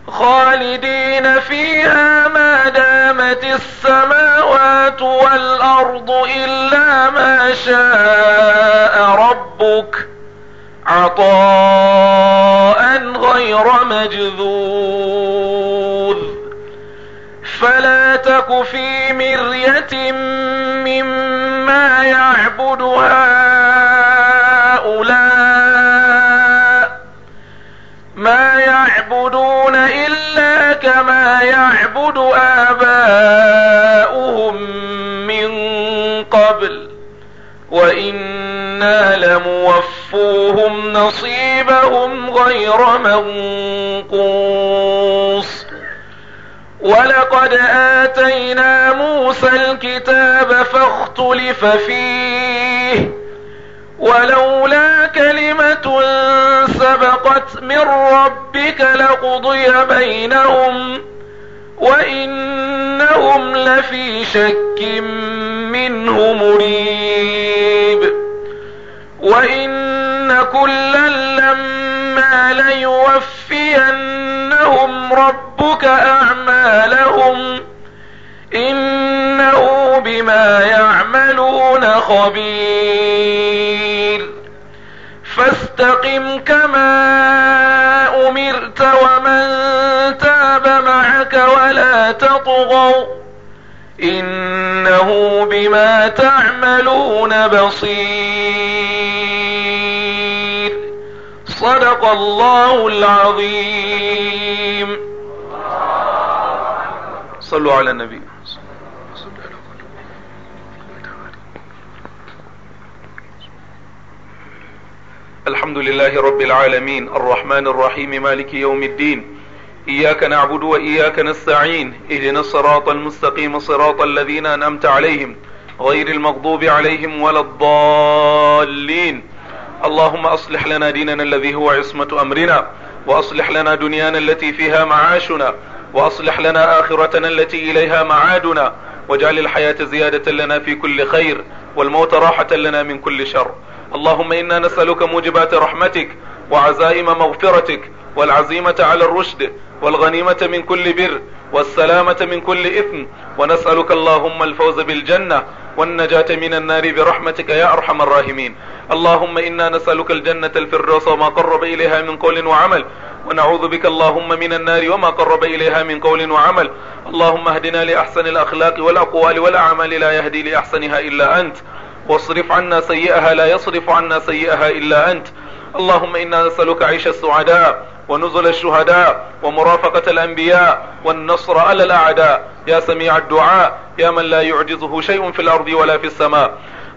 خالدين فيها ما دامت السماوات والأرض إلا ما شاء ربك عطاء غير مجذوذ فلا تك في مرية مما يعبد هؤلاء ما يعبدون ما يعبد آباؤهم من قبل وإنا لموفوهم نصيبهم غير منقوص ولقد آتينا موسى الكتاب فاختلف فيه ولولا كلمة سبقت من ربك لقضي بينهم وإنهم لفي شك منه مريب وإن كلا لما ليوفينهم ربك أعمالهم إنهم بما يعملون خبير فاستقم كما أمرت ومن تاب معك ولا تطغوا إنه بما تعملون بصير صدق الله العظيم صلوا على النبي الحمد لله رب العالمين الرحمن الرحيم مالك يوم الدين إياك نعبد وإياك نستعين اهدنا الصراط المستقيم صراط الذين أنعمت عليهم غير المغضوب عليهم ولا الضالين اللهم أصلح لنا ديننا الذي هو عصمة أمرنا وأصلح لنا دنيانا التي فيها معاشنا وأصلح لنا آخرتنا التي إليها معادنا واجعل الحياة زيادة لنا في كل خير والموت راحة لنا من كل شر اللهم إنا نسألك موجبات رحمتك وعزائم مغفرتك والعزيمة على الرشد والغنيمة من كل بر والسلامة من كل إثم ونسألك اللهم الفوز بالجنة والنجاة من النار برحمتك يا أرحم الراحمين اللهم إنا نسألك الجنة الفردوس وما قرب إليها من قول وعمل ونعوذ بك اللهم من النار وما قرب إليها من قول وعمل اللهم اهدنا لأحسن الأخلاق والأقوال والأعمال لا يهدي لأحسنها إلا أنت واصرف عنا سيئها لا يصرف عنا سيئها إلا أنت اللهم إنا نسألك عيش السعداء ونزل الشهداء ومرافقة الأنبياء والنصر على الأعداء يا سميع الدعاء يا من لا يعجزه شيء في الأرض ولا في السماء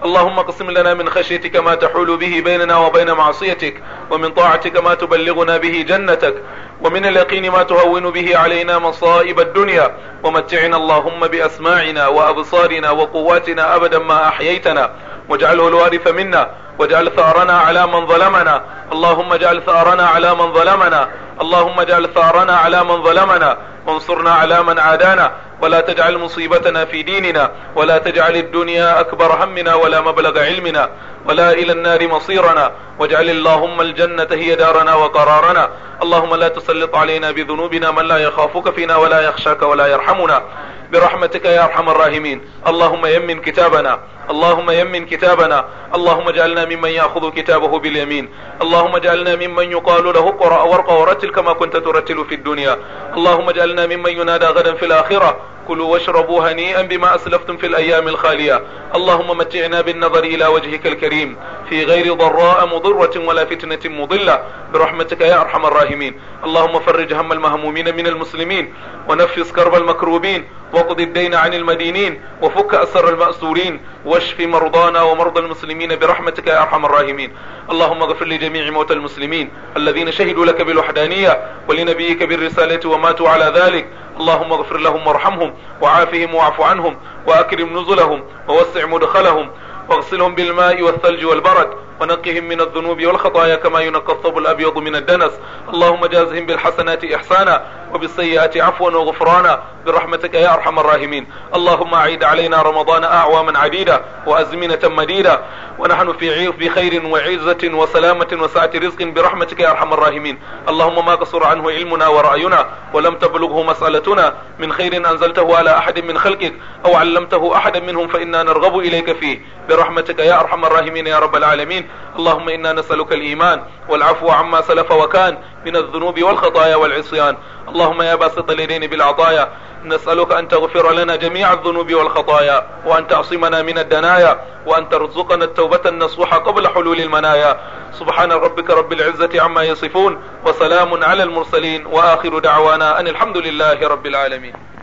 اللهم اقسم لنا من خشيتك ما تحول به بيننا وبين معصيتك ومن طاعتك ما تبلغنا به جنتك ومن اليقين ما تهون به علينا مصائب الدنيا ومتعنا اللهم بأسماعنا وأبصارنا وقواتنا أبدا ما أحييتنا واجعله الوارث منا واجعل ثارنا على من ظلمنا اللهم اجعل ثارنا على من ظلمنا اللهم اجعل ثارنا على من ظلمنا وانصرنا على من عادانا ولا تجعل مصيبتنا في ديننا ولا تجعل الدنيا أكبر همنا ولا مبلغ علمنا ولا إلى النار مصيرنا واجعل اللهم الجنة هي دارنا وقرارنا اللهم لا تسلط علينا بذنوبنا من لا يخافك فينا ولا يخشاك ولا يرحمنا برحمتك يا أرحم الراحمين اللهم يمن كتابنا اللهم يمن كتابنا اللهم اجعلنا ممن يأخذ كتابه باليمين اللهم اجعلنا ممن يقال له قرأ وارقى ورتل كما كنت ترتل في الدنيا اللهم اجعلنا ممن ينادى غدا في الآخرة كلوا واشربوا هنيئا بما اسلفتم في الايام الخالية اللهم متعنا بالنظر الى وجهك الكريم في غير ضراء مضرة ولا فتنة مضلة برحمتك يا ارحم الراحمين اللهم فرج هم المهمومين من المسلمين ونفس كرب المكروبين واقض الدين عن المدينين وفك اسر المأسورين واشف مرضانا ومرضى المسلمين برحمتك يا ارحم الراحمين اللهم اغفر لجميع موتى المسلمين الذين شهدوا لك بالوحدانية ولنبيك بالرسالة وماتوا على ذلك اللهم اغفر لهم وارحمهم وعافهم واعف عنهم واكرم نزلهم ووسع مدخلهم واغسلهم بالماء والثلج والبرد ونقهم من الذنوب والخطايا كما ينقى الثوب الأبيض من الدنس اللهم جازهم بالحسنات إحسانا وبالسيئات عفوا وغفرانا برحمتك يا أرحم الراحمين اللهم أعيد علينا رمضان أعواما عديدة وأزمنة مديدة ونحن في عيف بخير وعزة وسلامة وسعة رزق برحمتك يا أرحم الراحمين اللهم ما قصر عنه علمنا ورأينا ولم تبلغه مسألتنا من خير أنزلته على أحد من خلقك أو علمته أحدا منهم فإنا نرغب إليك فيه برحمتك يا ارحم الراحمين يا رب العالمين اللهم انا نسالك الايمان والعفو عما سلف وكان من الذنوب والخطايا والعصيان اللهم يا باسط اليدين بالعطايا نسألك أن تغفر لنا جميع الذنوب والخطايا وأن تعصمنا من الدنايا وأن ترزقنا التوبة النصوح قبل حلول المنايا سبحان ربك رب العزة عما يصفون وسلام على المرسلين وآخر دعوانا أن الحمد لله رب العالمين